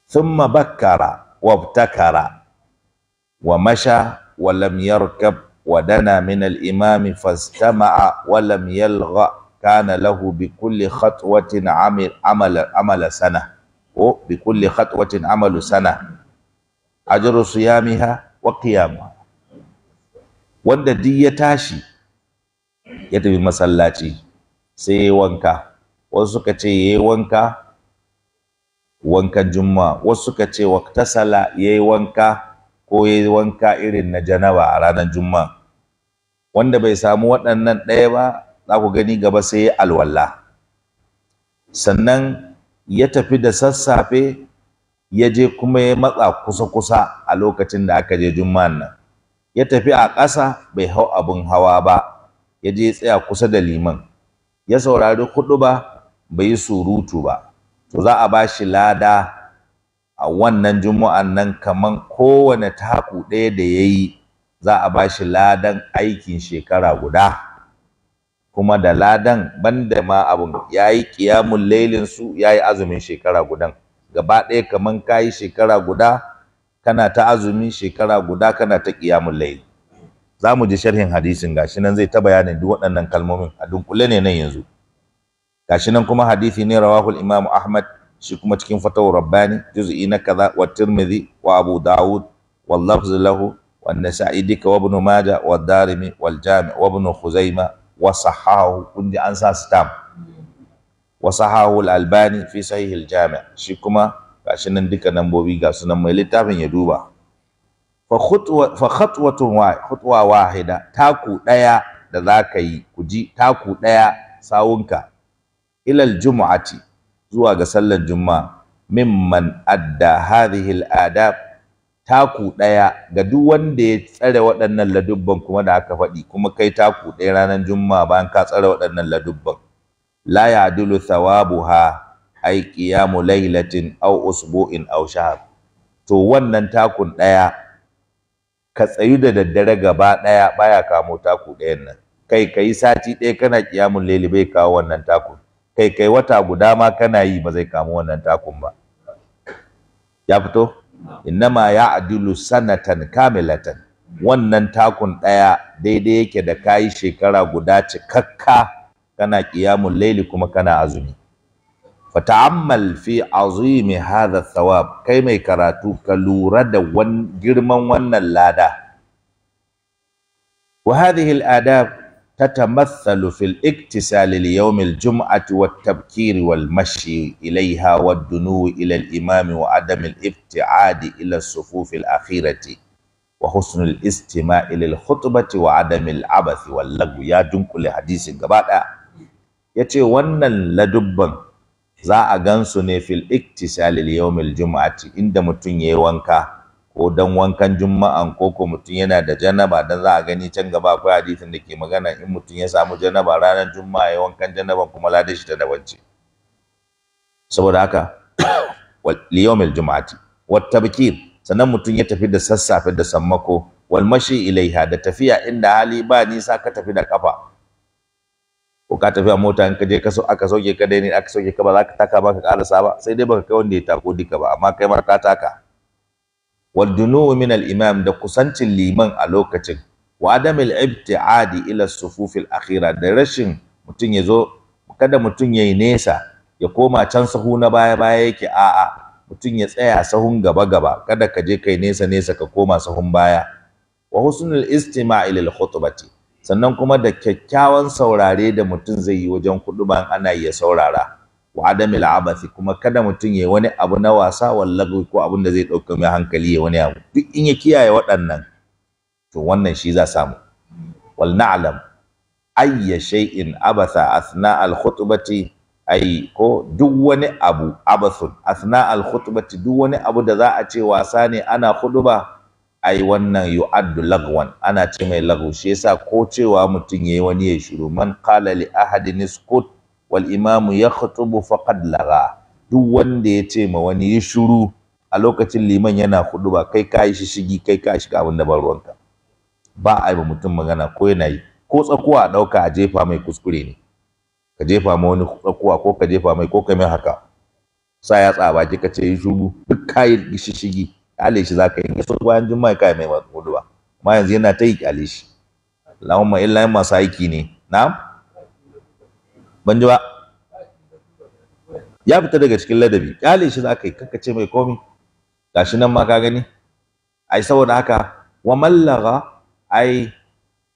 thumma bakkara wabtakara ومشى ولم يركب ودنا من الإمام فاستمع ولم يلغى كان له بكل خطوة عمل عمل عمل سنة بكل خطوة عمل سنة أجر صيامها وقيامها wanda duk ya tashi ya tafi masallaci sai ya wanka wasu suka ce ya yi wanka wankan juma'a wasu suka ce waktasala ya yi wanka ko ya yi wanka irin na janaba a ranar juma'a wanda bai samu waɗannan ɗaya ba za ku gani gaba sai ya alwala sannan ya tafi da sassafe ya je kuma ya matsa kusa-kusa a lokacin da aka je juma'an nan ya tafi a ƙasa bai hau abin hawa ba ya je tsaya kusa da liman ya saurari huɗu ba bai yi surutu ba to za a ba shi lada a wannan juma'an nan kaman kowane taku ɗaya da ya yi za a ba shi ladan aikin shekara guda kuma da ladan banda ma abun ya yi ƙiyamun lailin su ya yi azumin shekara gudan gaba ɗaya kaman ka yi shekara guda kana ta azumi shekara guda kana ta ƙiyamun laili za mu ji sharhin hadisin gashi nan zai ta bayanin duk waɗannan kalmomin a dunkule ne nan yanzu gashi nan kuma hadisi ne rawahul imamu ahmad shi kuma cikin fatawar rabbani juz'i na kaza wa tirmidhi wa abu daud wa lafz lahu wa nasa'i duka wa ibn majah wa darimi wal jami' wa ibn khuzaima wa sahahu an sa wa sahahu al albani fi sahih al jami' shi kuma gashi nan duka nambobi ga sunan mai littafin ya duba fa khutwa fa khutwa wahida taku daya da zaka yi ku ji taku daya sawunka ilal jumu'ati zuwa ga sallar juma'a mimman adda hadhihi al-adab taku daya ga duk wanda ya tsare waɗannan ladubban kuma da aka faɗi kuma kai taku ɗaya ranar juma'a bayan ka tsare waɗannan ladubban la ya'dulu thawabuha ay qiyam laylatin aw usbu'in aw shahr to wannan takun ɗaya ka tsayu da daddare gaba ɗaya baya kamo taku ɗayan nan kai ka sati ɗaya kana qiyamul layli bai kawo wannan takun kai kai wata guda ma kana yi ba zai kamu wannan takun ba ya fito innama ya adilu sanatan kamilatan wannan takun ɗaya daidai yake da kayi shekara guda cikakka kana ƙiyamun laili kuma kana azumi fata'ammal fi azimi hadha thawab kai mai karatu ka lura da girman wannan lada wa hadhihi al-adab تتمثل في الاكتسال ليوم الجمعة والتبكير والمشي إليها والدنو إلى الإمام وعدم الابتعاد إلى الصفوف الأخيرة وحسن الاستماع للخطبة وعدم العبث واللغو يا دنكل حديث غبادا yace wannan ladubban za a gansu ne fil iktisal liyawmil jum'ati inda mutun yayi wanka ko dan wankan juma'an ko ko mutum yana da janaba dan za a gani can gaba akwai hadisin da ke magana in mutum ya samu janaba ranar juma'a ya wankan janaba kuma ladan shi ta daban ce saboda haka liyomil juma'ati wat tabkir sannan mutum ya tafi da sassafe da sammako wal mashi ilaiha da tafiya inda hali ba nisa ka tafi da kafa ko ka tafi a mota in ka je ka so aka soke ka dai ne aka soke ka ba za ka taka ba ka karasa ba sai dai baka kai wanda ya tako duka ba amma kai ma ka taka wal min al imam da kusancin liman a lokacin wa adamil ibtiadi ila sufufil akhira da rashin mutum ya zo kada mutum yayi nesa ya koma can sahu na baya baya yake a'a mutum ya tsaya sahun gaba gaba kada ka je kai nesa nesa ka koma sahun baya wa husnul istima'i al khutbati sannan kuma da kyakkyawan saurare da mutum zai yi wajen kuɗuban ana iya saurara wa adamil abasi kuma kada mutum ya wani abu na wasa wallahi ko abin da zai ɗauka mai hankali ya wani abu duk in ya kiyaye waɗannan to wannan shi za samu wal na'lam ayya shay'in abasa asna al khutbati ai ko duk wani abu abasun asna al khutbati duk wani abu da za a ce wasa ne ana khutba ai wannan yu'addu lagwan ana ce mai lagu shi yasa ko cewa mutum yayi wani ya shiru man qala li ahadin iskut wal imamu ya khutubu faqad laga duk wanda ya ce ma wani yi shuru a lokacin liman yana ba kai ka yi shishigi kai ka shiga abin da ban ruwanka ba a yi mutum magana ko yana yi ko tsakuwa a ɗauka a jefa mai kuskure ne ka jefa ma wani tsakuwa ko ka jefa mai ko ka mai haka sa ya tsaba ki ka ce yi shuru duk ka yi shishigi kyale shi zaka yi so bayan juma'a kai mai hudu ba Ma yanzu yana ta yi kyale shi illa masu aiki ne na'am ban ji ba ya fita daga cikin ladabi kyale shi za ka yi kakace mai komi shi nan ma ka gani ai saboda haka wa mallaga ai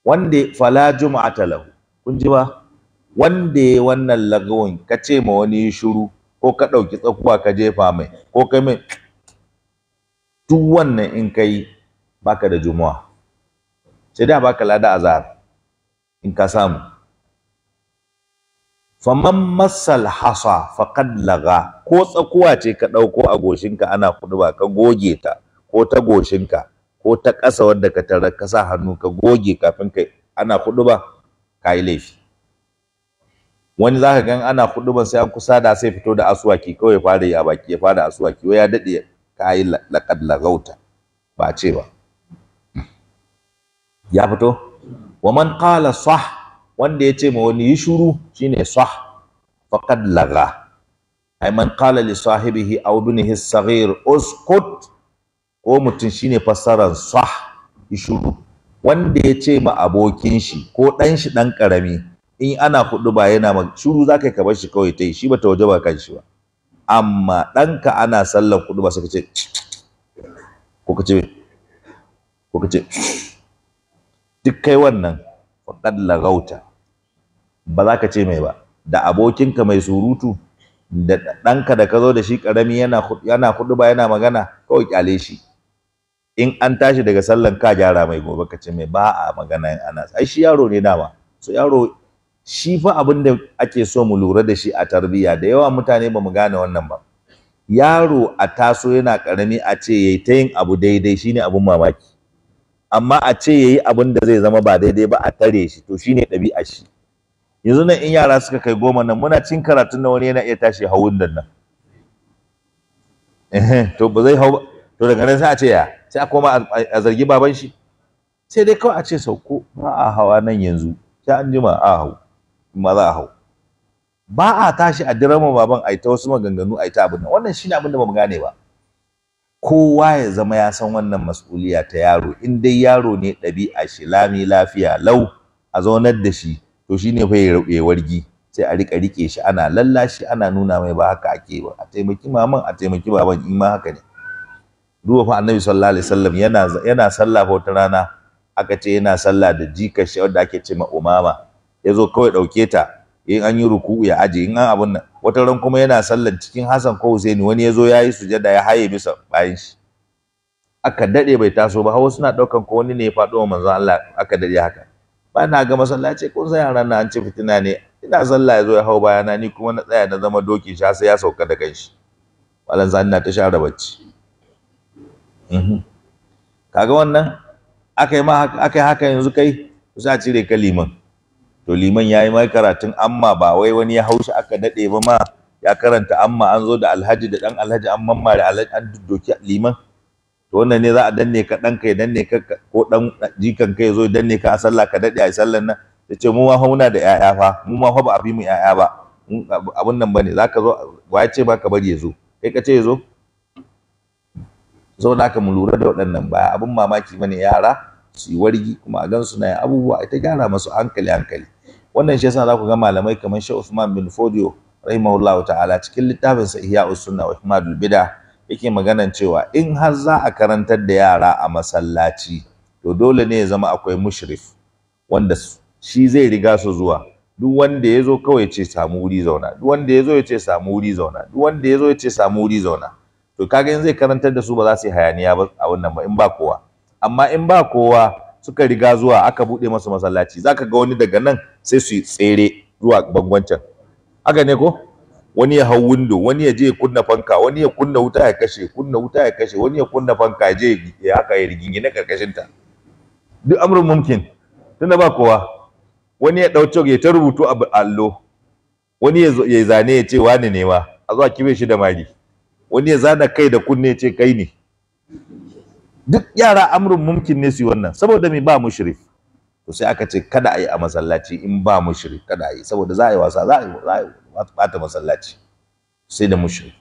wanda fala juma'ata lahu kun ji ba wanda ya wannan lagawon ka ce ma wani shiru ko ka ɗauki tsakuwa ka jefa mai ko kai mai duk wannan in kai baka da juma'a sai da baka lada azar in ka samu faman masal hasa faqad laga ko tsakuwa ce ka ɗauko a goshinka ana kuduba ka goge ta ko ta goshinka ko ta ƙasa wadda ka tarar ka sa hannu ka goge kafin kai ana kuduba ka yi laifi wani zaka gan ana kuduba sai an kusa da sai fito da asuwaki kawai fara yi a baki ya fara asuwaki wai ya daɗe ka yi laƙad lagauta ba ce ba ya fito wa man qala sah wanda ya ce ma wani yi shuru shine sah faƙad laga ai man ƙala li sahibihi aw ibnihi as-saghir uskut ko mutum shine fassaran sah yi shuru wanda ya ce ma abokin shi ko dan shi dan karami in ana kudu ba yana ma shuru za ka bar shi kawai tai shi bata ba kan shi ba amma ɗanka ana sallan kudu ba suka ce ko ka ce ko ka ce duk kai wannan faɗan lagauta ba za ka ce mai ba da abokinka mai surutu da ɗanka da ka zo da shi ƙarami yana hudu ba yana magana kawai kyale shi in an tashi daga sallan ka gyara mai gobe ka ce mai ba a magana yin ana ai shi yaro ne dama so yaro shi fa abin da ake so mu lura da shi a tarbiyya da yawa mutane ba mu gane wannan ba yaro a taso yana ƙarami a ce yayi ta yin abu daidai shine abin mamaki amma a ce yayi abin da zai zama ba daidai ba a tare shi to shine ɗabi'a shi yanzu nan in yara suka kai goma nan muna cin karatun na wani yana iya tashi hawun da nan to ba zai hau ba to daga nan sai a ce ya sai a koma a zargi baban shi sai dai kawai a ce sauko ba a hawa nan yanzu sai an jima a hau ma za a hau ba a tashi a dirama baban a ta wasu maganganu a ta abin nan wannan shine abin da ba mu gane ba kowa ya zama ya san wannan mas'uliya ta yaro in dai yaro ne ɗabi'a shi lami lafiya lau a zaunar da shi to shine fa ya wargi sai a rika rike shi ana lallashi ana nuna mai ba haka ake ba a taimaki maman a taimaki baban in ma haka ne duba fa annabi sallallahu alaihi wasallam yana yana sallah fa wata rana aka ce yana sallah da jikar shi wanda ake ce ma umama yazo kawai dauke ta in an yi ruku'u ya aje in an abun nan wata ran kuma yana sallan cikin hasan ko Husaini wani ya yazo yayi sujada ya haye bisa bayan shi aka dade bai taso ba hawa suna daukan ko wani ne ya faɗo wa manzon Allah aka dade haka ba na ga masallaci kun san yaran na an ci fitina ne ina sallah ya zo ya hau bayana ni kuma na tsaya na zama doki sha sai ya sauka da kanshi malam sani na ta share bacci mhm. kaga wannan akai ma akai haka yanzu kai za a cire ka liman to liman ya yi mai karatun amma ba wai wani ya haushi aka dade ba ma ya karanta amma an zo da alhaji da ɗan alhaji an mamare da alhaji an duddoki liman to wannan ne za a danne ka dan kai danne ka ko dan jikan kai zo danne ka a sallah ka dade a sallar nan ya ce mu ma fa muna da 'ya'ya fa mu ma fa ba a bi mu 'ya'ya ba abun nan bane zaka zo wa ya ce ba ka bari ya zo kai ka ce ya zo da ka mu lura da waɗannan baya abun mamaki bane yara su yi wargi kuma a gansu na abubuwa ita gyara masu hankali hankali wannan shi yasa za ku ga malamai kamar Sheikh Usman bin Fodio rahimahullahu ta'ala cikin littafin sa Ihya wa Ihmadul Bid'ah yake maganan cewa in har za a karantar da yara a masallaci to dole ne ya zama akwai mushrif wanda shi zai riga su zuwa duk wanda ya zo kawai ce samu wuri zauna duk wanda ya zo ya ce samu wuri zauna duk wanda ya zo ya ce samu wuri zauna to kaga in zai karantar da su ba za su yi hayaniya ba a wannan ba in ba kowa amma in ba kowa suka riga zuwa aka buɗe masa masallaci zaka ga wani daga nan sai su yi tsere zuwa bangon haka ne ko wani ya hau window wani ya je ya kunna fanka wani ya kunna wuta ya kashe kunna wuta ya kashe wani ya kunna fanka ya je ya haka ya rigingine karkashin ta duk amrun mumkin tunda ba kowa wani ya dau ya ta rubutu a allo wani ya zane ya ce wani ne ma a zuwa kibe shi da mari wani ya zana kai da kunne ya ce kai ne duk yara amrun mumkin ne su yi wannan saboda me ba mushrif to sai aka ce kada a yi a masallaci in ba mushri kada a yi saboda za a yi wasa za a yi za a bata masallaci sai da mushri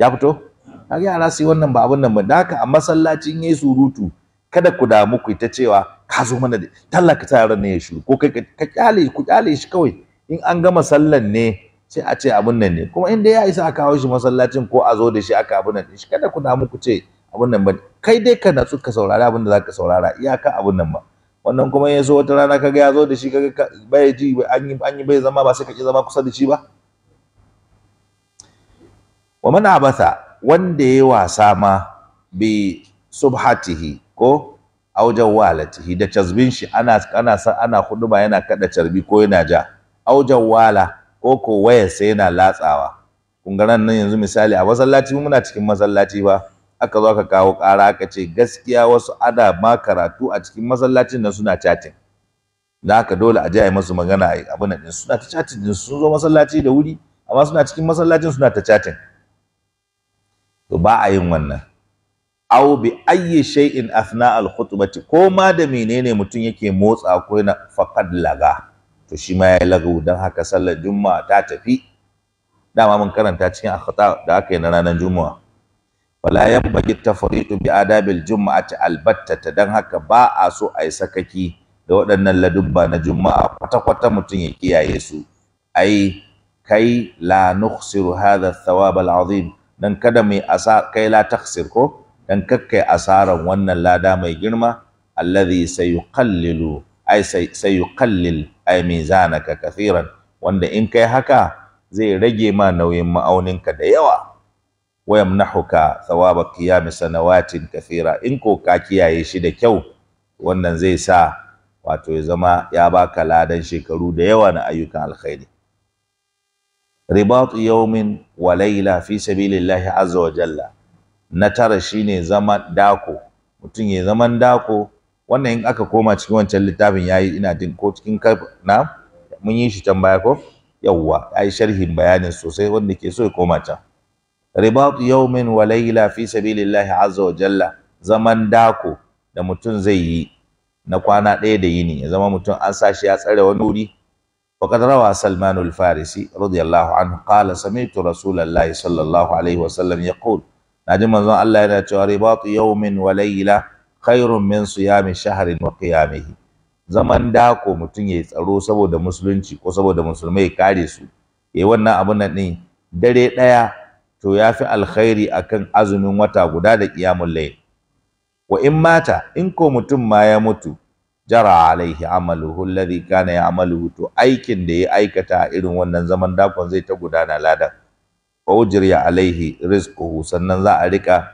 ya fito ga yara su wannan ba abin nan ba haka a masallacin yayi surutu kada ku damu ku ta cewa ka zo mana da talla ka tsaya ran ne ya shiru ko kai ka kyale ku kyale shi kawai in an gama sallan ne sai a ce abin nan ne kuma in dai ya isa a kawo shi masallacin ko a zo da shi aka abin nan shi kada ku damu ku ce abin nan ba kai dai ka natsu ka saurari abin da zaka saurara iyaka abin nan ba wannan kuma ya zo wata rana kaga ya zo da shi kaga bai ji an yi bai zama ba sai ka ki zama kusa da shi ba wa man abasa wanda ya wasa ma bi subhatihi ko aw jawalatihi da cazbin shi ana ana ana huduma yana kada carbi ko yana ja aw jawala ko ko waya sai yana latsawa kun nan yanzu misali a masallaci muna cikin masallaci ba aka zo aka kawo ƙara aka ce gaskiya wasu ada ma karatu a cikin masallacin nan suna chatting da haka dole a je a yi musu magana a abin nan suna ta chatting din sun zo masallaci da wuri amma suna cikin masallacin suna ta chatting to ba a yin wannan aw bi ayyi shay'in athna al khutbati ko ma da menene mutum yake motsa ko yana faqad laga to shi ma ya lagu dan haka sallar juma'a ta tafi dama mun karanta cikin akhta da aka yi na ranar juma'a wala yanbaghi tafriqu bi adabil ta albattata dan haka ba a so ai sakaki da waɗannan ladubba na juma'a kwata kwata mutum ya kiyaye su ai kai la nukhsiru hadha thawab alazim dan kada mai asa kai la takhsir ko dan kakkai asaran wannan lada mai girma alladhi sayuqallilu ai sayuqallil ai mizanaka kathiran wanda in kai haka zai rage ma nauyin ma'auninka da yawa wa yamnahuka thawaba qiyam sanawatin kathira in ko ka kiyaye shi da kyau wannan zai sa wato ya zama ya baka ladan shekaru da yawa na ayyukan alkhairi ribat yawmin wa layla fi sabilillahi azza wa jalla na tara shine zama dako mutum ya zaman dako wannan in aka koma cikin wancan littafin yayi ina din ko cikin na mun yi shi tambaya ko yawwa ai sharhin bayanin sosai wanda ke so ya koma can ribat yawmin wa fi sabilillahi azza jalla zaman dako da mutum zai yi na kwana ɗaya da yini ya zama mutum an shi ya tsare wani wuri faqad rawa salman al farisi radiyallahu anhu qala sami'tu rasulullahi sallallahu alaihi wa sallam yaqul naji manzon Allah yana cewa ribat yawmin wa layla khairun min siyami shahrin wa qiyamihi zaman dako mutun yayi tsaro saboda musulunci ko saboda musulmai kare su yayi wannan abun nan ne dare ɗaya. to ya fi alkhairi a kan azumin wata guda da ƙiyamun layin. wa in mata in ko mutum ma ya mutu jara alaihi amaluhu alladhi kana ya'maluhu to aikin da ya aikata a irin wannan zaman dakon zai ta gudana ladan wa ujriya alaihi rizquhu sannan za a rika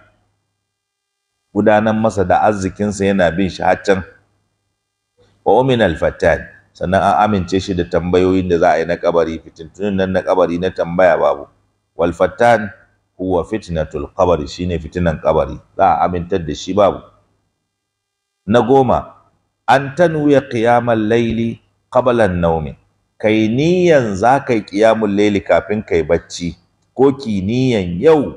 gudanar masa da arzikinsa yana bin shi haccan wa umin alfattan sannan an amince shi da tambayoyin da za a yi na kabari fitintunin nan na kabari na tambaya babu walfatan huwa fitnatul qabri shine fitinan kabari za a amintar da shi babu na goma an tanwiya qiyamal laili qabla an-nawmi kai niyan za kai qiyamul laili kafin kai bacci ko ki niyan yau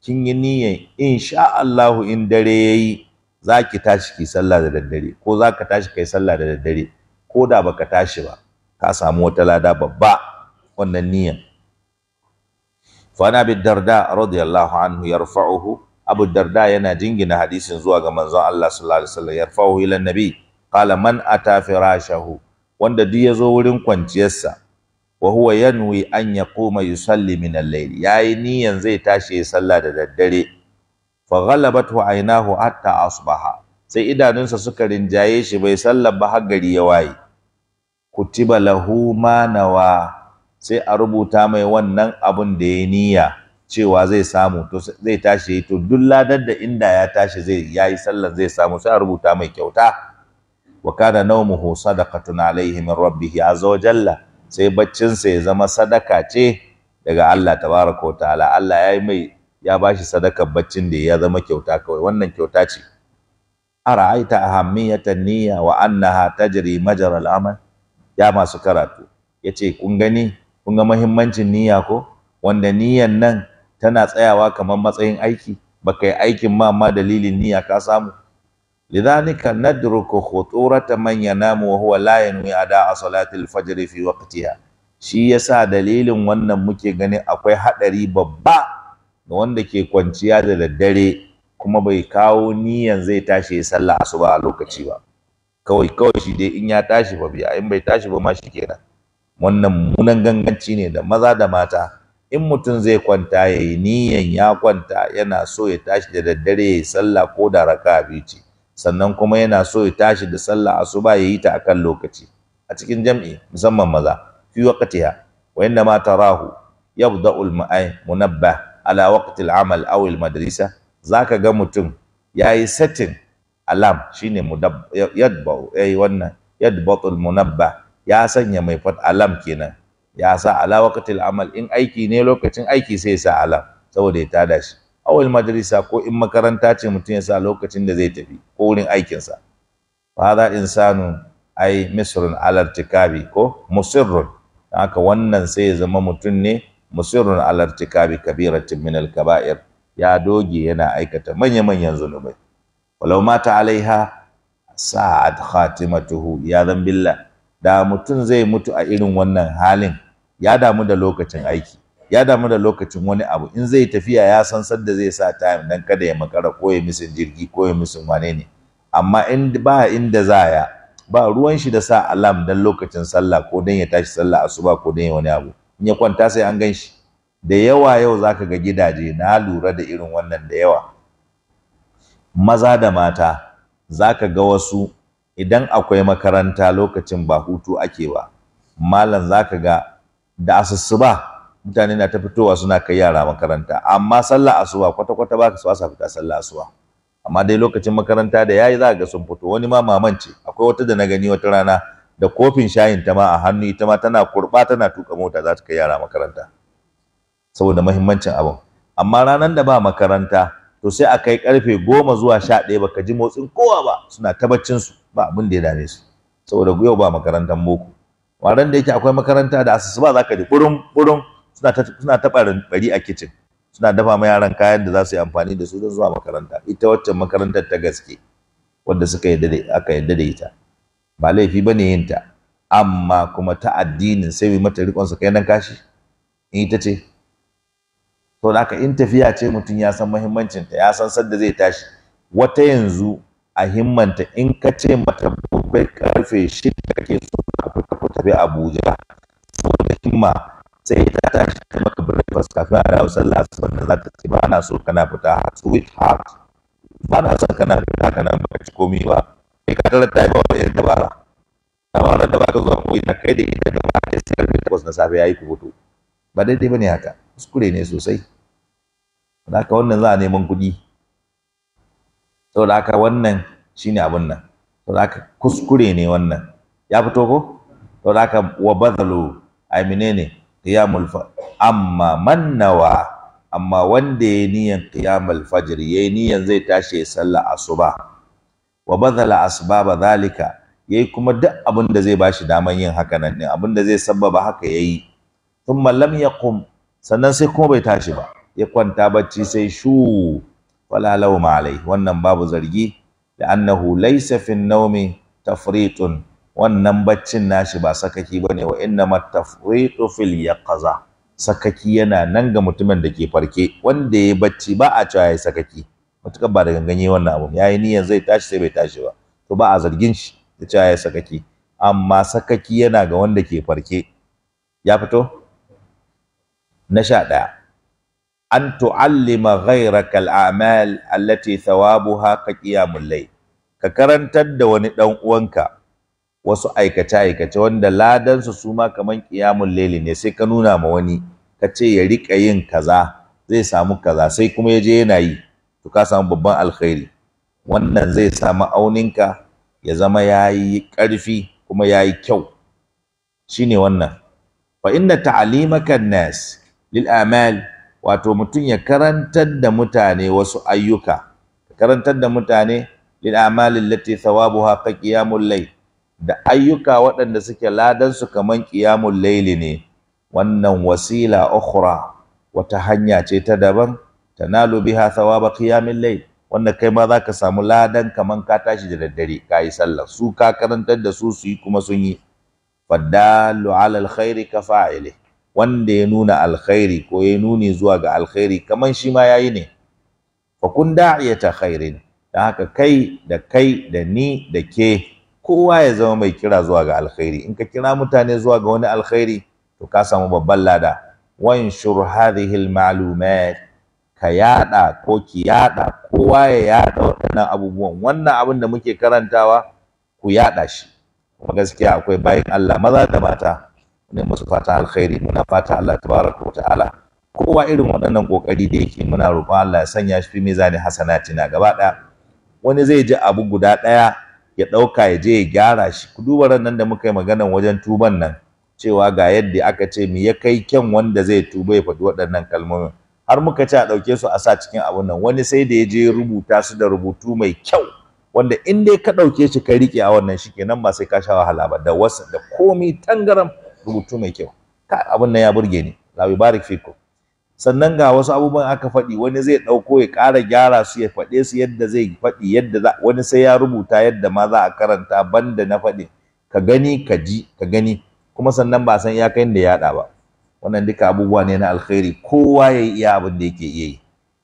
kin yi niyan insha Allah in dare yayi za ki tashi ki sallah da daddare ko za ka tashi kai sallah da daddare ko da baka tashi ba ka samu wata lada babba wannan niyan Fani na darda radiyallahu anhu yarfa'uhu abu darda yana jingina hadisin zuwa ga manzon Allah sallallahu alaihi wasallam yarfa'uhu ila nabi qala man ata firashahu wanda duk ya zo wurin kwanciyarsa wa huwa yanwi an yaquma yusalli min al-layl yayi niyan zai tashi ya sallah da daddare fa ghalabathu aynahu hatta asbaha sai idanunsa suka rinjaye shi bai sallar ba har gari ya waye kutiba lahu ma nawa sai a rubuta mai wannan abin da ya niyya cewa zai samu to zai tashi to duk ladar da inda ya tashi zai yayi sallar zai samu sai a rubuta mai kyauta wa kana nawmuhu sadaqatun alaihi min rabbih azza jalla sai baccinsa ya zama sadaka ce daga Allah tabaraka wa ta'ala Allah ya mai ya bashi sadakar baccin da ya zama kyauta kawai wannan kyauta ce ara'aita ahammiyatan niyya wa annaha tajri majra al-amal ya masu karatu yace kun gani kun ga mahimmancin niyya ko wanda niyyan nan tana tsayawa kamar matsayin aiki baka yi aikin ma amma dalilin niyya ka samu lidhalika nadruku khuturata man yanamu wa huwa la yanwi ada salatil fajr fi waqtiha shi yasa dalilin wannan muke ganin akwai hadari babba ga wanda ke kwanciya da daddare kuma bai kawo niyyan zai tashi ya sallah asuba a lokaci ba kawai kawai shi dai in ya tashi ba biya in bai tashi ba ma shikenan wannan mummunan ganganci ne da maza da mata in mutum zai kwanta ya yi niyan ya kwanta yana so ya tashi da daddare ya yi sallah ko da raka biyu ce sannan kuma yana so ya tashi da sallah asuba ya yi ta a kan lokaci a cikin jam'i musamman maza fi waqtiha wa inna ma tarahu yabda'u al-ma'ay munabbah ala waqti al-amal aw al-madrasa zaka ga mutum yayi setting alam shine yadba'u yayi eh, wannan yadba'u al-munabbah ya sanya mai fat alam kenan ya sa ala waqtil amal in aiki ne lokacin aiki sai ya sa alam saboda ya tada shi awal madrasa ko in makaranta ce mutum ya sa lokacin da zai tafi ko wurin aikinsa fa hada insanu ai misrun alartikabi ko musirrun haka wannan sai ya zama mutum ne musirrun alartikabi kabiratin min alkaba'ir ya doge yana aikata manya-manyan zunubai walau mata alaiha sa'ad khatimatuhu ya zan billah da mutum zai mutu a irin wannan halin ya damu da lokacin aiki ya damu da lokacin wani abu in zai tafiya ya san sadda zai sa time dan kada ya makara ko ya misin jirgi ko ya misin wane ne amma in ba inda za ya ba ruwan shi da sa alam dan lokacin sallah ko dan ya tashi sallah asuba ko dan ya wani abu in ya kwanta sai an gan shi da yawa yau zaka ga gidaje na lura da irin wannan da yawa maza da mata zaka ga wasu idan akwai makaranta lokacin ba hutu ake ba malam zaka ga da asusuba mutane na ta fitowa suna kai yara makaranta amma sallah asuba kwata kwata ba ka sa fita sallah asuba amma dai lokacin makaranta da yayi za ga sun fito wani ma mamanci akwai wata da na gani wata rana da kofin shayin ta ma a hannu ita ma tana kurba tana tuka mota za ta kai yara makaranta saboda mahimmancin abin amma ranan da ba makaranta to sai a kai karfe goma zuwa sha ɗaya baka ji motsin kowa ba suna tabaccin su ba abin da ya dame su saboda yau ba makarantar boko waran da yake akwai makaranta da asusu ba ka ji burum burum suna ta bari a kicin. suna dafa ma yaran kayan da za su yi amfani da su don zuwa makaranta ita wacce makarantar ta gaske Wadda suka aka yadda da ita ba laifi ne yin ta amma kuma ta addinin sai mai mata rikon su kai nan kashi in ita ce to da in tafiya ce mutum ya san muhimmancinta, ya san sadda zai tashi wata yanzu a himmanta in ka ce mata bai karfe shida kake so ka fita ku Abuja saboda himma sai ta tashi ta maka breakfast kafin a dawo sallah asuba da za ta ce ba na so kana fita hat with heart ba na son kana fita kana ba ci komai ba kai ka da ta yi ba wani dabara dabara da ka zuwa koyi na kai da ita da ba ta sai da takwas na safe yayi ku fito ba daidai ne haka kuskure ne sosai da haka wannan za a neman kuɗi saboda haka wannan shine abin nan saboda haka kuskure ne wannan ya fito ko saboda haka wa badalu ai menene qiyamul amma man nawa? amma wanda ya niyan qiyamul fajr yayi niyan zai tashi ya salla asuba wa badala asbaba zalika yayi kuma duk abin da zai bashi daman yin haka nan ne abin da zai sabbaba haka yayi thumma lam yaqum sannan sai kuma bai tashi ba ya kwanta bacci sai shu wala lauma wannan babu zargi da annahu laysa fin naumi tafriqun wannan baccin nashi ba sakaki bane wa innama tafriqu fil yaqaza sakaki yana nan ga mutumin da ke farke wanda yayi bacci ba a cewa ya sakaki mutukar ba da ganganye wannan abun yayi niyyar zai tashi sai bai tashi ba to ba a zargin shi da cewa ya sakaki amma sakaki yana ga wanda ke farke ya fito na sha ɗaya an tu'allima ghayraka al'amal allati thawabuha ka qiyamul layl ka karantar da wani dan uwanka wasu aikace aikace wanda ladan su suma kaman qiyamul layl ne sai ka nuna ma wani ka ce ya rika yin kaza zai samu kaza sai kuma ya je yana yi to ka samu babban alkhairi wannan zai samu auninka ya zama yayi karfi kuma yayi kyau shine wannan fa inna ta'limaka nas lil amal wato mutum ya karantar da mutane wasu ayyuka karantar da mutane lil amalin lati thawabuha ka qiyamul layl da ayyuka waɗanda suke ladan su kaman qiyamul layli ne wannan wasila ukhra wata hanya ce ta daban tanalu biha thawaba qiyamul layl wanda kai ma zaka samu ladan kaman ka tashi da daddare ka sallah su ka karantar da su su yi kuma sun yi faddalu ala alkhairi ka fa'ilih wanda ya nuna alkhairi ko ya nuni zuwa ga alkhairi kaman shi ma yayi ne fa kun da'iyata khairin dan haka kai da kai da ni da ke kowa ya zama mai kira zuwa ga alkhairi in ka kira mutane zuwa ga wani alkhairi to ka samu babban lada wanshur hadhihi almalumat ka yada ko ki yada kowa ya yada waɗannan abubuwan wannan abin da muke karantawa ku yada shi gaskiya akwai bayin Allah maza da mata ne musu fata alkhairi muna fata Allah tabaraka wa ta'ala kowa irin waɗannan kokari da yake muna roƙon Allah ya sanya shi fi mizanin hasanatina gaba ɗaya wani zai ji abu guda ɗaya ya ɗauka ya je ya gyara shi ku duba nan da muka yi magana wajen tuban nan cewa ga yadda aka ce mi ya kai kyan wanda zai tuba ya faɗi waɗannan kalmomin har muka ci a ɗauke su a sa cikin abun nan wani sai da ya je rubuta su da rubutu mai kyau wanda in dai ka ɗauke shi ka riƙe a wannan shi kenan ba sai ka sha wahala ba da wasu da komi tangaram rubutu mai kyau abin nan ya burge ni la barik fiko sannan ga wasu abubuwan aka faɗi wani zai ɗauko ya ƙara gyara su ya faɗe su yadda zai faɗi yadda za wani sai ya rubuta yadda ma za a karanta banda na faɗi ka gani ka ji ka gani kuma sannan ba san iyaka da ya ba wannan duka abubuwa ne na alkhairi kowa ya yi iya abin da yake iya yi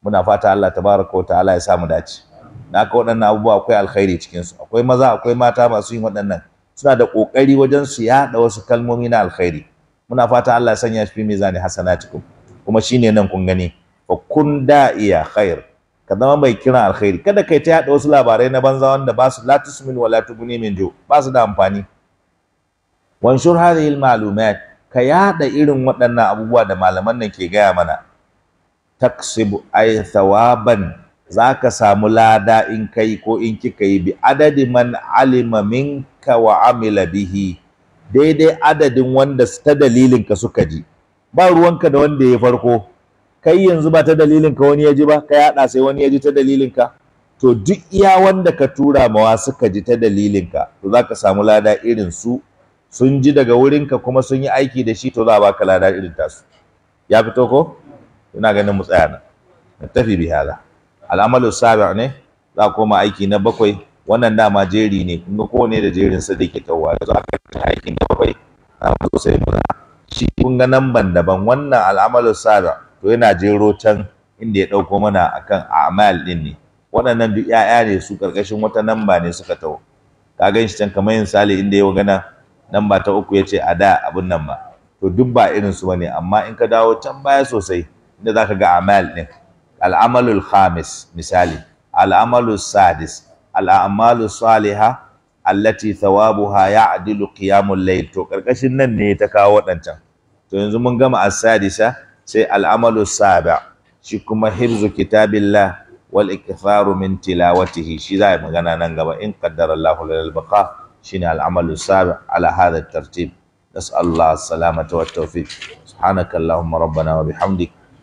muna fata Allah tabaraka wa ta'ala ya samu dace na ka waɗannan abubuwa akwai alkhairi cikinsu akwai maza akwai mata masu yin waɗannan suna da ƙoƙari wajen su yaɗa wasu kalmomi na alkhairi muna fata Allah sanya shi fi mizani hasanatikum kuma shine nan kun gani fa kun iya. khair ka zama mai kira alkhairi kada kai ta yaɗa wasu labarai na banza wanda ba su la tusmin wa la tubni min jo ba su da amfani wanshur hadhihi almalumat ka yaɗa irin waɗannan abubuwa da malaman nan ke gaya mana taksibu ay thawaban za ka samu lada in kai ko in kika yi bi adadi man alima minka wa amila bihi daidai adadin wanda ta dalilinka suka ji ba ruwanka da wanda ya farko kai yanzu ba ta dalilinka wani ya ji ba ka yaɗa sai wani ya ji ta dalilinka to duk iya wanda ka tura wa suka ji ta dalilinka to za ka samu lada irin su sun ji daga wurinka kuma sun yi aiki da shi to za a baka lada irin tasu ya fito ko ina ganin mu tsaya na tafi bi al'amalu sabi ne za koma aiki na bakwai wannan dama jeri ne kun ga kowane da jerin sa dake tawa za ka aiki na bakwai na so sai mu shi kun ga nan ban daban wannan al'amalu sabi to yana jero can inda ya dauko mana akan a'mal din ne waɗannan duk 'ya'ya ne su karkashin wata namba ne suka tawo ka gan shi can kamar yin sali inda ya gana namba ta uku ya ce a da abin nan ba to duk ba irin su bane amma in ka dawo can baya sosai inda zaka ga amal din al'amalul khamis misali Al'amalu sadis Al'amalu saliha allati thawabuha ya'dilu qiyamul layl to karkashin nan ne ta kawo wadancan to yanzu mun gama as-sadisa sai al'amalu saba shi kuma hifzu kitabillah wal iktharu min tilawatihi shi za magana nan gaba in qaddara Allahu lil baqa shine al'amalu saba ala hadha at-tartib nas'al Allah salamata wat tawfiq subhanaka allahumma rabbana wa bihamdika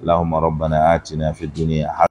اللهم ربنا آتنا في الدنيا حسنة